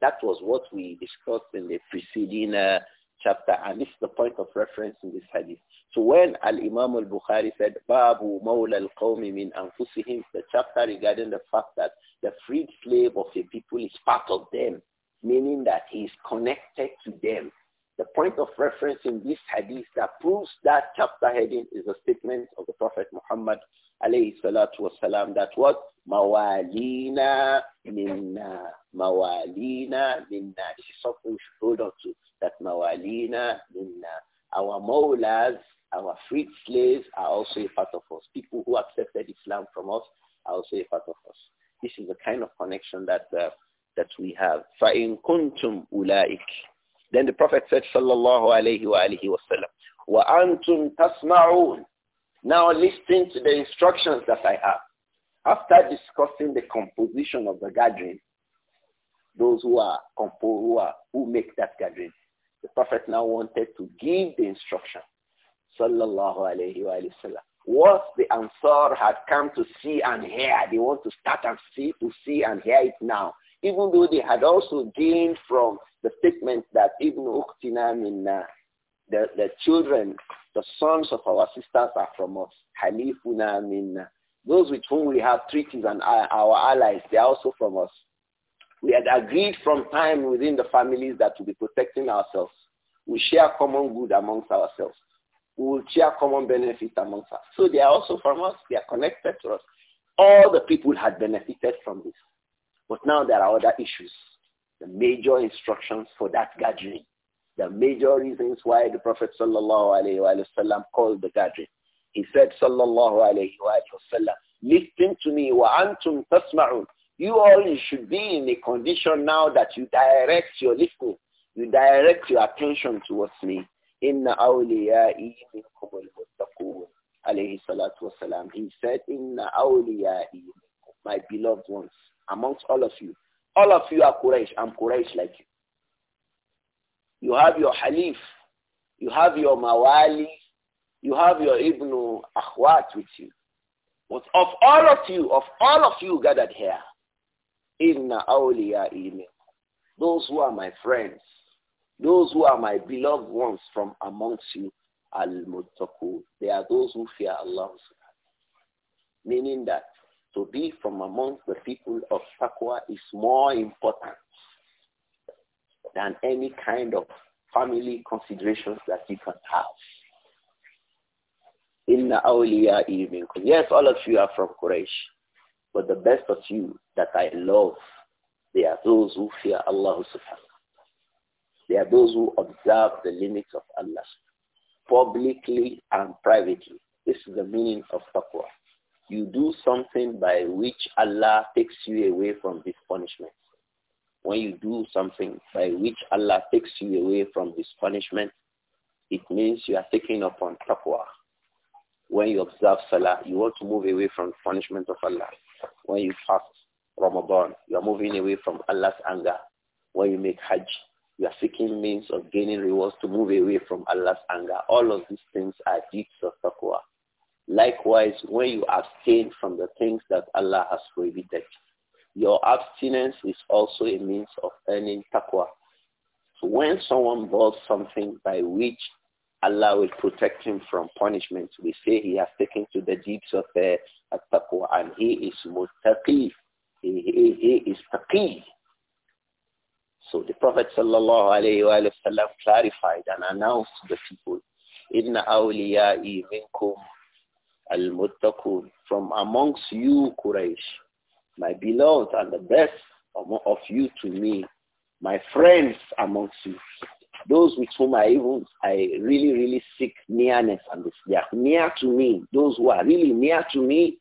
That was what we discussed in the preceding uh, chapter, and this is the point of reference in this hadith. So when Al-Imam al-Bukhari said, Babu Mawla al-Qawmi min anfusihim, the chapter regarding the fact that the freed slave of the people is part of them, meaning that he is connected to them. The point of reference in this hadith that proves that chapter heading is a statement of the Prophet Muhammad alayhi salatu wasalam that what? Mawalina minna. Mawalina minna. This is something we should hold on to that mawalina minna. Uh, our mawlas, our freed slaves are also a part of us. People who accepted Islam from us are also a part of us. This is the kind of connection that uh, that we have. فَإِن كُنْتُمْ أُولَٰئِكَ Then the Prophet said, sallallahu alayhi wa wa وَأَنْتُمْ تَسْمَعُونَ Now listen to the instructions that I have. After discussing the composition of the gathering, those who are, who, are who make that gathering, the Prophet now wanted to give the instruction. Sallallahu alayhi wa sallam. What the Ansar had come to see and hear, they want to start and see, to see and hear it now. Even though they had also gained from the statement that Ibn Uqtina minna, uh, the, the children, the sons of our sisters are from us. Halifuna minna. Uh, those with whom we have treaties and uh, our allies, they are also from us. We had agreed from time within the families that we'll be protecting ourselves. We share common good amongst ourselves. We will share common benefits amongst us. So they are also from us. They are connected to us. All the people had benefited from this. But now there are other issues. The major instructions for that gathering. The major reasons why the Prophet sallallahu alaihi wasallam called the gathering. He said sallallahu alaihi wasallam, listen to me wa antum tasma'un. You all should be in a condition now that you direct your listening. You direct your attention towards me. In awliya'i minkum al Alayhi salatu wasalam. He said, "In awliya'i my beloved ones, amongst all of you. All of you are Quraysh. I'm Quraysh like you. You have your Halif. You have your Mawali. You have your Ibn Akhwat with you. But of all of you, of all of you gathered here, Inna awliya Those who are my friends, those who are my beloved ones from amongst you, al They are those who fear Allah. Meaning that to be from amongst the people of taqwa is more important than any kind of family considerations that you can have. Inna awliya Yes, all of you are from Quraysh. But the best of you that I love, they are those who fear Allah subhanahu. They are those who observe the limits of Allah publicly and privately. This is the meaning of taqwa. You do something by which Allah takes you away from his punishment. When you do something by which Allah takes you away from his punishment, it means you are taking upon taqwa. When you observe salah, you want to move away from punishment of Allah. When you fast Ramadan, you are moving away from Allah's anger. When you make Hajj, you are seeking means of gaining rewards to move away from Allah's anger. All of these things are deeds of taqwa. Likewise, when you abstain from the things that Allah has prohibited, your abstinence is also a means of earning taqwa. So when someone buys something by which Allah will protect him from punishment. We say he has taken to the deeps of the taqwa and he is muttaqi. He, he, he is taqi. So the Prophet sallallahu alayhi wa sallam clarified and announced to the people, Inna awliya'i minkum al-muttaqun. From amongst you, Quraysh, my beloved and the best of you to me, my friends amongst you. Those with whom I even I really, really seek nearness and this, they are near to me. Those who are really near to me,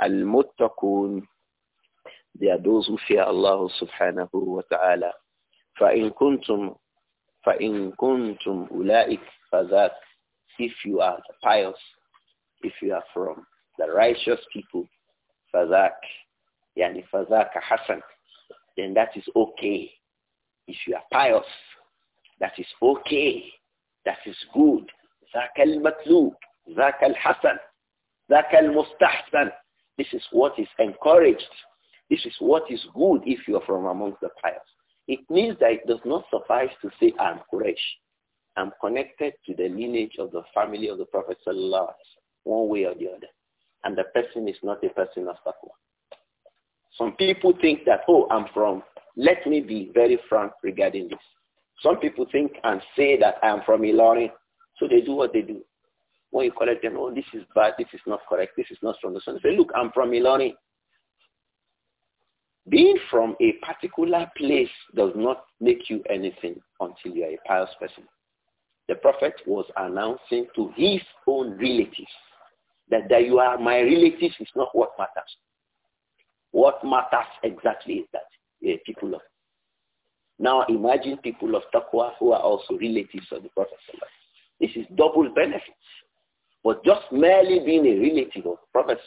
al-muttaqun, they are those who fear Allah subhanahu wa ta'ala. فَإِن كُنْتُمْ فَإِن كُنْتُمْ أُولَئِكَ فَذَاكَ If you are the pious, if you are from the righteous people, فَذَاكَ يعني فَذَاكَ حَسَنَ Then that is okay. If you are pious, that is okay. That is good. ذاك المطلوب. ذاك الحسن. ذاك المستحسن. This is what is encouraged. This is what is good if you are from amongst the pious. It means that it does not suffice to say, I'm Quraysh. I'm connected to the lineage of the family of the Prophet one way or the other. And the person is not a person of taqwa. Some people think that, oh, I'm from, let me be very frank regarding this. Some people think and say that I am from Ilorin, so they do what they do. When you correct them, oh, this is bad, this is not correct, this is not from the sun. Say, look, I'm from Ilorin. Being from a particular place does not make you anything until you are a pious person. The prophet was announcing to his own relatives that, that you are my relatives is not what matters. What matters exactly is that a people of now imagine people of taqwa who are also relatives of the Prophet. This is double benefits. But just merely being a relative of the Prophet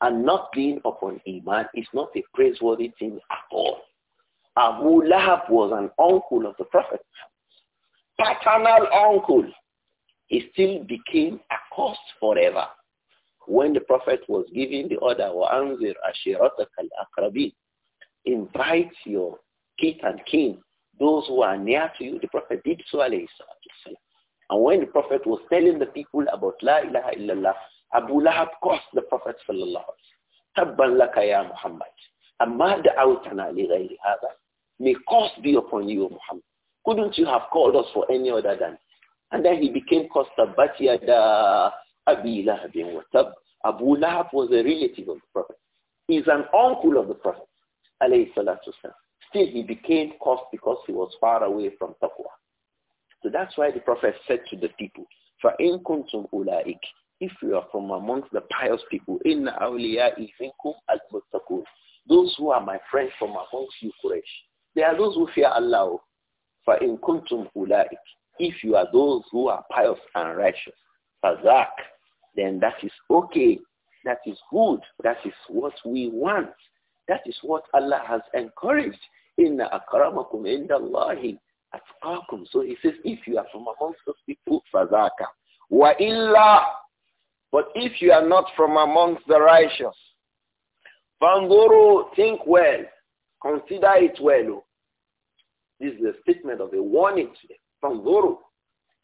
and not being upon Iman is not a praiseworthy thing at all. Abu Lahab was an uncle of the Prophet, paternal uncle. He still became a accursed forever. When the Prophet was giving the order, ashirata kal الْأَقْرَبِينَ invite your kith and kin, those who are near to you, the Prophet did so, And when the Prophet was telling the people about La ilaha illallah, Abu Lahab cursed the Prophet sallallahu alayhi wa sallam. ya Muhammad. Amma da'awtana li ghayri hadha. May cost be upon you, Muhammad. Couldn't you have called us for any other than? And then he became cursed Bat yada Abi Lahab wa Abu Lahab was a relative of the Prophet. He's an uncle of the Prophet, alayhi salatu wasalam. Still, he became cursed because he was far away from taqwa. So that's why the Prophet said to the people, فَإِن كُنْتُمْ أُولَٰئِكَ If you are from amongst the pious people, إِنَّ أَوْلِيَاءِ al أَلْمُتَّقُونَ Those who are my friends from amongst you, Quraysh, they are those who fear Allah. فَإِن كُنْتُمْ أُولَٰئِكَ If you are those who are pious and righteous, فَذَاكَ Then that is okay. That is good. That is what we want. That is what Allah has encouraged. Inna akramakum indallahi atqakum. So he says, if you are from amongst those people, fazaka. Wa illa. But if you are not from amongst the righteous, fanguru, think well. Consider it well. Oh. This is a statement of a warning to them. Fanguru.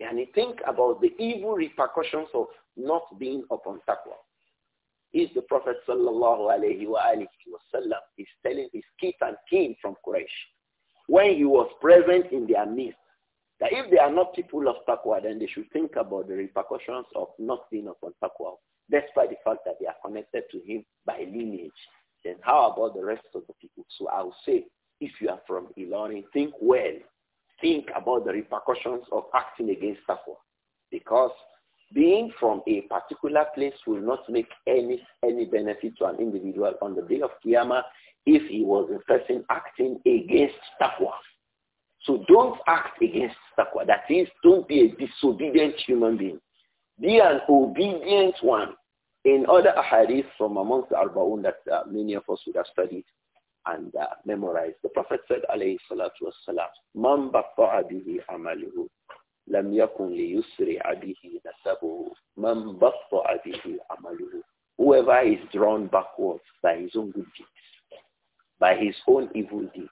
And think about the evil repercussions of not being upon taqwa is the Prophet sallallahu alayhi wa alihi wasallam is telling his kith and kin from Quraysh when he was present in their midst that if they are not people of taqwa, then they should think about the repercussions of not being upon taqwa, despite the fact that they are connected to him by lineage. Then how about the rest of the people? So I will say, if you are from Ilorin, think well. Think about the repercussions of acting against taqwa. Because being from a particular place will not make any any benefit to an individual on the day of Qiyamah if he was a person acting against taqwa. So don't act against taqwa. That is, don't be a disobedient human being. Be an obedient one. In other ahadith from amongst the Arba'un that uh, many of us would have studied and uh, memorized, the Prophet said, alayhi salatu wassalam, man bihi amaluhu لم يكن ليسرع به نسبه من به عمله whoever is drawn backwards by his own good deeds by his own evil deeds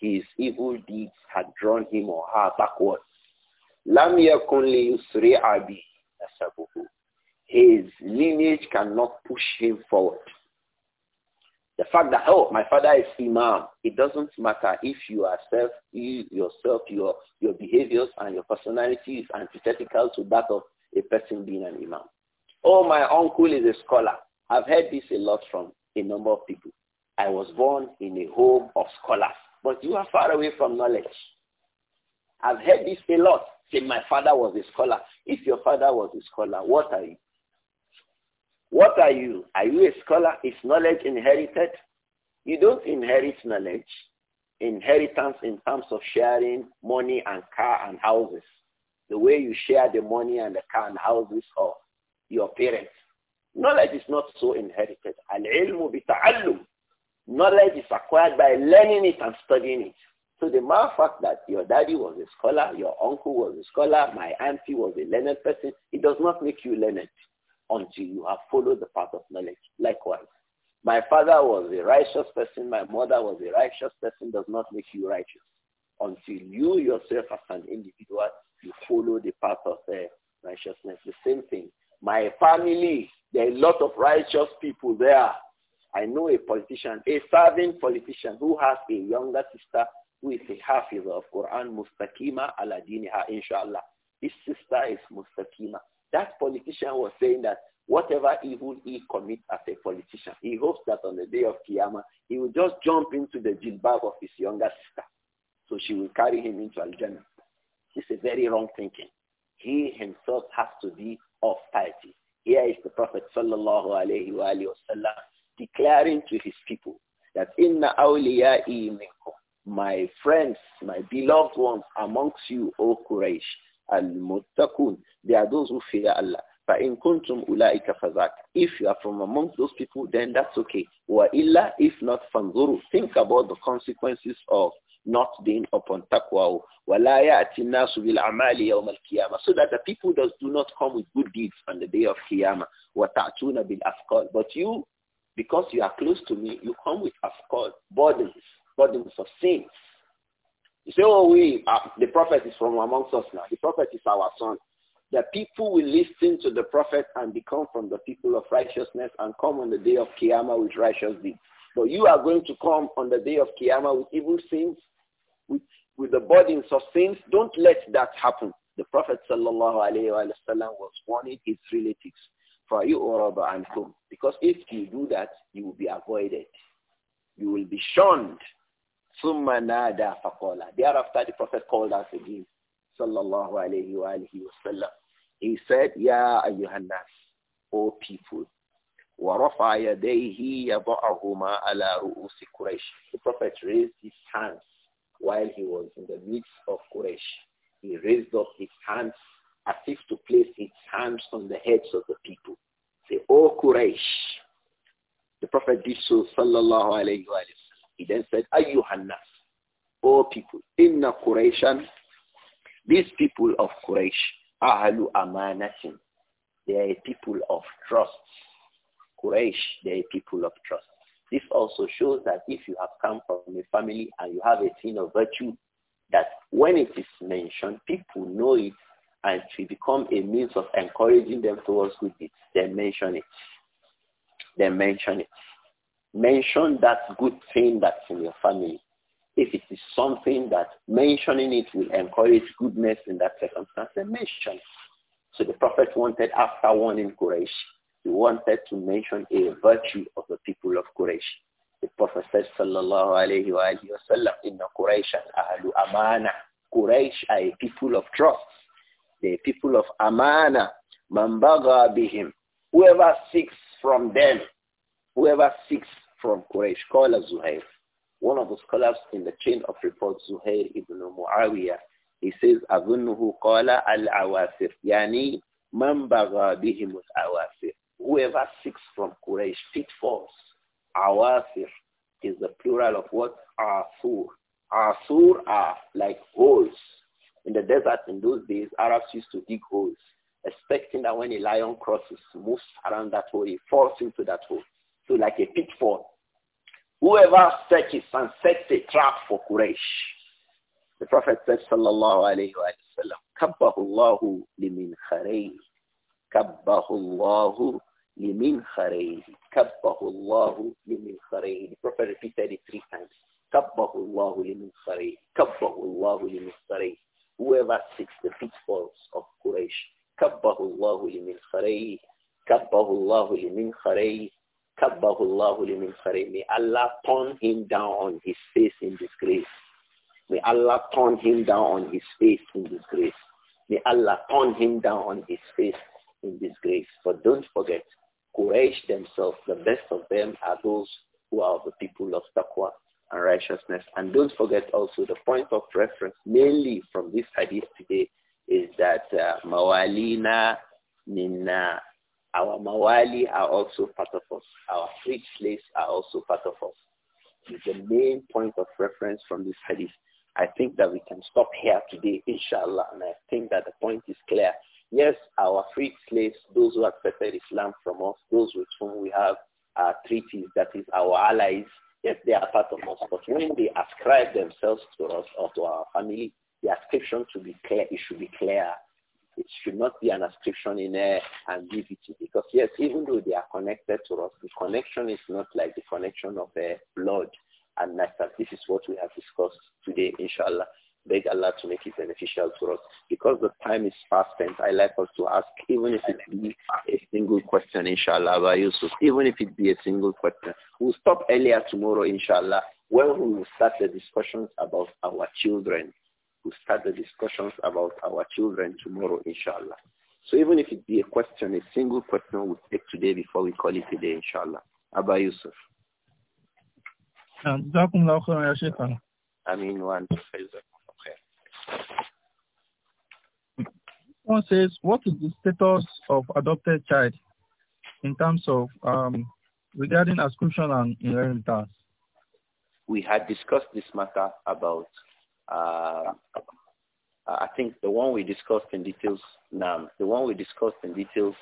his evil deeds had drawn him or her backwards لم يكن ليسرع به نسبه his lineage cannot push him forward the fact that, oh, my father is imam, it doesn't matter if you are self, you yourself, your, your behaviors and your personality is antithetical to that of a person being an imam. Oh, my uncle is a scholar. I've heard this a lot from a number of people. I was born in a home of scholars, but you are far away from knowledge. I've heard this a lot. Say, my father was a scholar. If your father was a scholar, what are you? What are you? Are you a scholar? Is knowledge inherited? You don't inherit knowledge. Inheritance in terms of sharing money and car and houses. The way you share the money and the car and houses of your parents. Knowledge is not so inherited. Al-ilmu bita'allum. Knowledge is acquired by learning it and studying it. So the mere fact that your daddy was a scholar, your uncle was a scholar, my auntie was a learned person, it does not make you learned until you have followed the path of knowledge. Likewise, my father was a righteous person, my mother was a righteous person, does not make you righteous until you yourself as an individual, you follow the path of uh, righteousness. The same thing. My family, there are a lot of righteous people there. I know a politician, a serving politician who has a younger sister who is a half of Quran, Aladini. Aladiniha, inshallah. This sister is Mustakima. That politician was saying that whatever evil he commits as a politician, he hopes that on the day of Qiyamah, he will just jump into the jilbab of his younger sister. So she will carry him into Al-Jannah. This is very wrong thinking. He himself has to be of piety. Here is the Prophet sallallahu alayhi wa sallam declaring to his people that inna awliya'i my friends, my beloved ones amongst you, O Quraysh, al-muttaqun. They are those who fear Allah. in كُنْتُمْ أُولَٰئِكَ فَذَاكَ If you are from among those people, then that's okay. illa If not, فَانْظُرُوا Think about the consequences of not being upon taqwa. وَلَا يَأْتِ النَّاسُ amali يَوْمَ الْقِيَامَةِ So that the people does, do not come with good deeds on the day of Qiyamah. bil بِالْأَفْقَالِ But you, because you are close to me, you come with afqal, burdens, burdens of sins. You say, oh, we, uh, the prophet is from amongst us now. The prophet is our son. The people will listen to the prophet and become from the people of righteousness and come on the day of Qiyamah with righteous deeds. But you are going to come on the day of Qiyamah with evil sins, with, with the burdens of sins. Don't let that happen. The Prophet sallallahu alayhi wa sallam was warning his relatives, and عَنْكُمْ Because if you do that, you will be avoided. You will be shunned Thereafter the Prophet called us again. Sallallahu alayhi wa alihi wasallam. He said, Ya ayyuhannas, O people. ورفع يديه يضعهما على رؤوس قريش. The Prophet raised his hands while he was in the midst of Quraysh. He raised up his hands as if to place his hands on the heads of the people. Say, O Quraysh. The Prophet did so, sallallahu alayhi wa he then said, Ayyuhannas, O people, Inna Quraishan, these people of Quraysh, Ahlu Amanatin, they are a people of trust. Quraysh, they are a people of trust. This also shows that if you have come from a family and you have a sin of virtue, that when it is mentioned, people know it and it become a means of encouraging them towards good deeds. They mention it. They mention it mention that good thing that's in your family. If it is something that mentioning it will encourage goodness in that circumstance, then mention. So the prophet wanted, after warning Quraysh, he wanted to mention a virtue of the people of Quraysh. The prophet said, sallallahu alayhi wa alayhi wa sallam, inna Quraysh ahlu amana. Quraysh are a people of trust. The people of amana. Man baga bihim. Whoever seeks from them, whoever seeks from Quraysh. Qala Zuhair. One of the scholars in the chain of reports, Zuhair ibn Muawiyah, he says, أظنه قال العواسر يعني من بغى بهم العواسر Whoever seeks from Quraysh pitfalls, awasir is the plural of what? Asur. Asur are like holes. In the desert in those days, Arabs used to dig holes, expecting that when a lion crosses, moves around that hole, he falls into that hole. So like a pitfall. Whoever searches and sets a trap for Quraysh. The Prophet said, Sallallahu Alaihi Wasallam, كَبَّهُ اللَّهُ لِمِنْ خَرَيْهِ كَبَّهُ اللَّهُ لِمِنْ خَرَيْهِ كَبَّهُ اللَّهُ لِمِنْ خَرَيْهِ The Prophet repeated it three times. كَبَّهُ اللَّهُ لِمِنْ خَرَيْهِ كَبَّهُ اللَّهُ لِمِنْ خَرَيْهِ Whoever seeks the pitfalls of Quraysh, كَبَّهُ اللَّهُ لِمِنْ خَرَيْهِ كَبَّهُ اللَّهُ لِمِنْ خَرَيْهِ Kabbahullahu limin May Allah turn him down on his face in disgrace. May Allah turn him down on his face in disgrace. May Allah turn him down on his face in disgrace. But don't forget, Quraysh themselves, the best of them are those who are the people of taqwa and righteousness. And don't forget also the point of reference mainly from this hadith today is that uh, mawalina minna our mawali are also part of us. Our freed slaves are also part of us. It's the main point of reference from this hadith. I think that we can stop here today, inshallah, and I think that the point is clear. Yes, our freed slaves, those who accepted Islam from us, those with whom we have treaties, that is our allies, yes, they are part of us. But when they ascribe themselves to us or to our family, the ascription should be clear. It should be clear. It should not be an ascription in air and give it to because yes, even though they are connected to us, the connection is not like the connection of the uh, blood and nectar. This is what we have discussed today, inshallah. Beg Allah to make it beneficial to us. Because the time is fast spent, I like us to ask, even if it be a single question, inshallah, by Yusuf, even if it be a single question. We'll stop earlier tomorrow, inshallah, when we will start the discussions about our children We'll start the discussions about our children tomorrow, inshallah. So even if it be a question, a single question we'll take today before we call it a day, inshallah. Abba Yusuf. I one. One says, what is the status of adopted child in terms of um, regarding ascription and inheritance? We had discussed this matter about uh, I think the one we discussed in details now, the one we discussed in details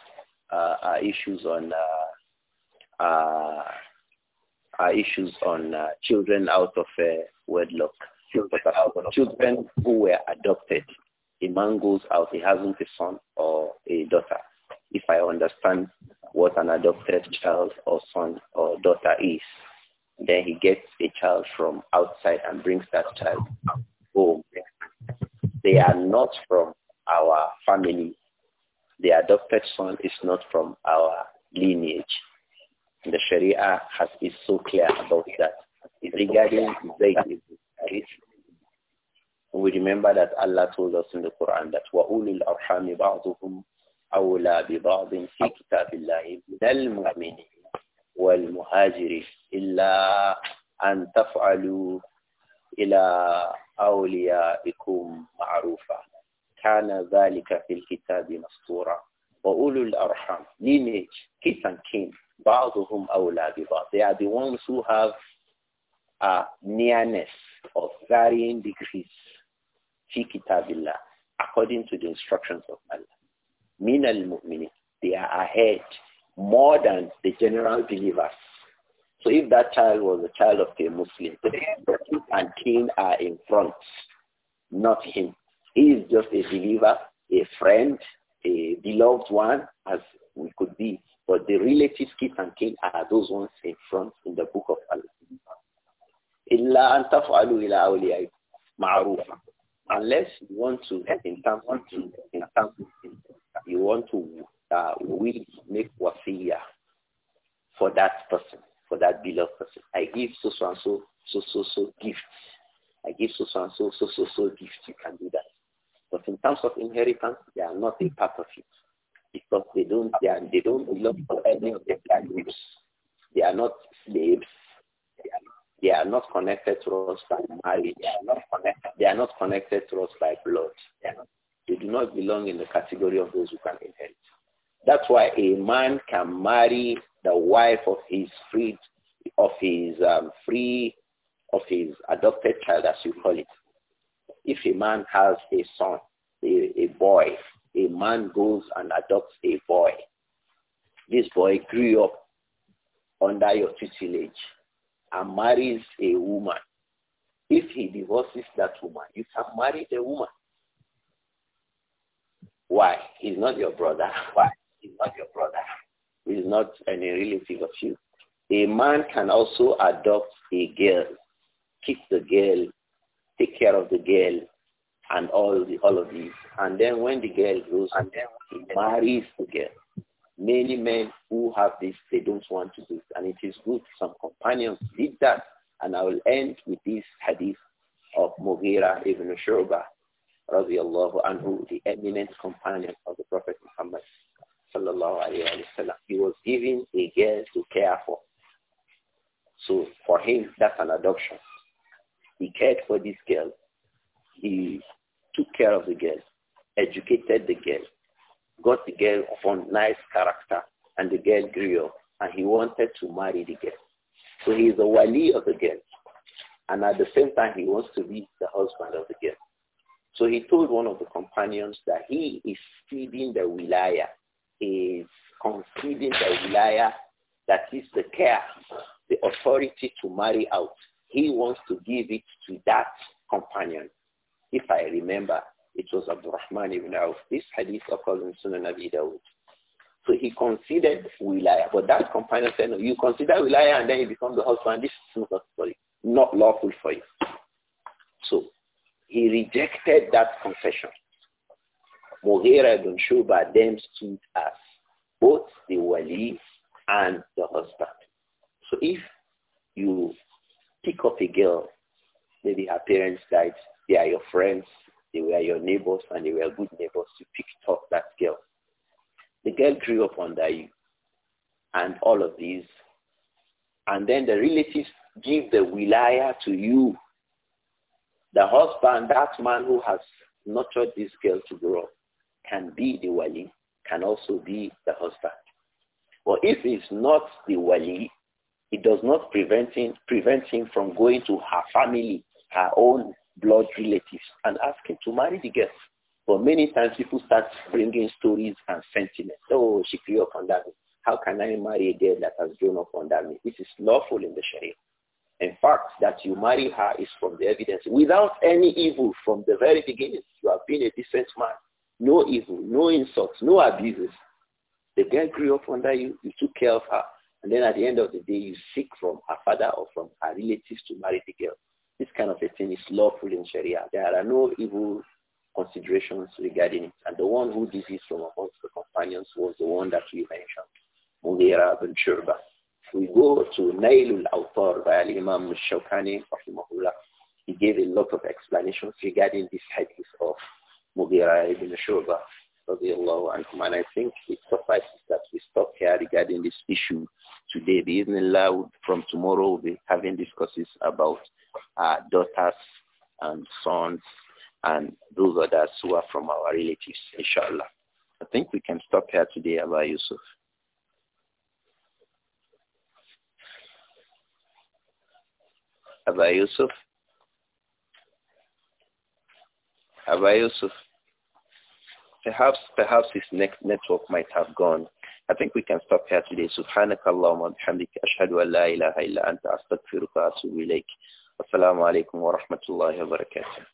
uh, are issues on uh, uh, are issues on uh, children out of uh, wedlock, uh, children who were adopted. A man goes out, he hasn't a son or a daughter. If I understand what an adopted child or son or daughter is, then he gets a child from outside and brings that child home. They are not from our family. The adopted son is not from our lineage. The Sharia has, is so clear about that. Regarding Zayd we remember that Allah told us in the Quran that وَأُولِي الْأَرْحَامِ بَعْضُهُمْ أَوْلَى بِبَعْضٍ فِي كِتَابِ اللَّهِ مِنَ الْمُؤْمِنِينَ وَالْمُهَاجِرِينَ إِلَّا أَن تَفْعَلُوا إِلَى أوليائكم معروفا كان ذلك في الكتاب مسطورا وأولو الأرحام lineage kith and kin بعضهم أولى ببعض they are the ones who have a nearness of varying degrees في كتاب الله according to the instructions of Allah من المؤمنين they are ahead more than the general believers so if that child was a child of a Muslim, and king are in front, not him. He is just a believer, a friend, a beloved one, as we could be. But the relatives, king and king are those ones in front in the book of Allah. Unless you want to, in terms of, in terms you want to uh, will make wasiyah for that person for that beloved person. I give so so and so so so so gifts. I give so so and so so so so gifts. You can do that. But in terms of inheritance, they are not a part of it because they don't they, are, they don't belong to any of the groups. They are not slaves. They are, not connected to us by marriage. They are not connected. They are not connected to us by blood. They, they do not belong in the category of those who can inherit. That's why a man can marry the wife of his freed, of his um, free, of his adopted child, as you call it. If a man has a son, a, a boy, a man goes and adopts a boy. This boy grew up under your tutelage and marries a woman. If he divorces that woman, you can marry the woman. Why? He's not your brother. Why? He's not your brother is not any relative of you. A man can also adopt a girl, keep the girl, take care of the girl, and all the all of these. And then when the girl grows, and then he marries the girl. Many men who have this, they don't want to do it. And it is good. Some companions did that. And I will end with this hadith of Mughira ibn Shu'bah, radiallahu anhu, the eminent companion of the Prophet Muhammad sallallahu alayhi wa He was given a girl to care for. So for him, that's an adoption. He cared for this girl. He took care of the girl, educated the girl, got the girl a nice character, and the girl grew up, and he wanted to marry the girl. So he is the wali of the girl. And at the same time, he wants to be the husband of the girl. So he told one of the companions that he is feeding the wilaya is conceding the wilaya, that is the care, the authority to marry out. He wants to give it to that companion. If I remember, it was Abdurrahman ibn Auf. This hadith occurs in Sunan Abi Dawud. So he considered wilaya, but that companion said, no, you consider wilaya and then you become the husband. This is not for not lawful for you. So he rejected that confession. Mughira ibn Shuba then stood as both the wali and the husband. So if you pick up a girl, maybe her parents died, they are your friends, they were your neighbors, and they were good neighbors, you picked up that girl. The girl grew up under you and all of these. And then the relatives give the wilaya to you. The husband, that man who has nurtured this girl to grow up, can be the wali, can also be the husband. But if he's not the wali, it does not prevent him, prevent him from going to her family, her own blood relatives, and asking to marry the girl. But many times people start bringing stories and sentiments. Oh, she grew up on that. How can I marry a girl that has grown up on that? This is lawful in the Sharia. In fact, that you marry her is from the evidence without any evil from the very beginning. You have been a decent man. No evil, no insults, no abuses. The girl grew up under you, you took care of her, and then at the end of the day, you seek from her father or from her relatives to marry the girl. This kind of a thing is lawful in Sharia. There are no evil considerations regarding it. And the one who did this from amongst the companions was the one that we mentioned, Mughira bin Shurba. We go to Nailul Awtar by Imam Shawkani, He gave a lot of explanations regarding this hadith of Mughira ibn Shuba, anhum. And I think it suffices that we stop here regarding this issue today. The Bismillah, from tomorrow we'll be having discussions about uh, daughters and sons and those others who are from our relatives, inshallah. I think we can stop here today, Abba Yusuf. Abba Yusuf? Abba Yusuf. Perhaps, perhaps his next network might have gone. I think we can stop here today. Subhanaka Allahumma bihamdika ashhadu an la illa anta astaghfiruka wa atubu Assalamu alaikum wa rahmatullahi wa barakatuh.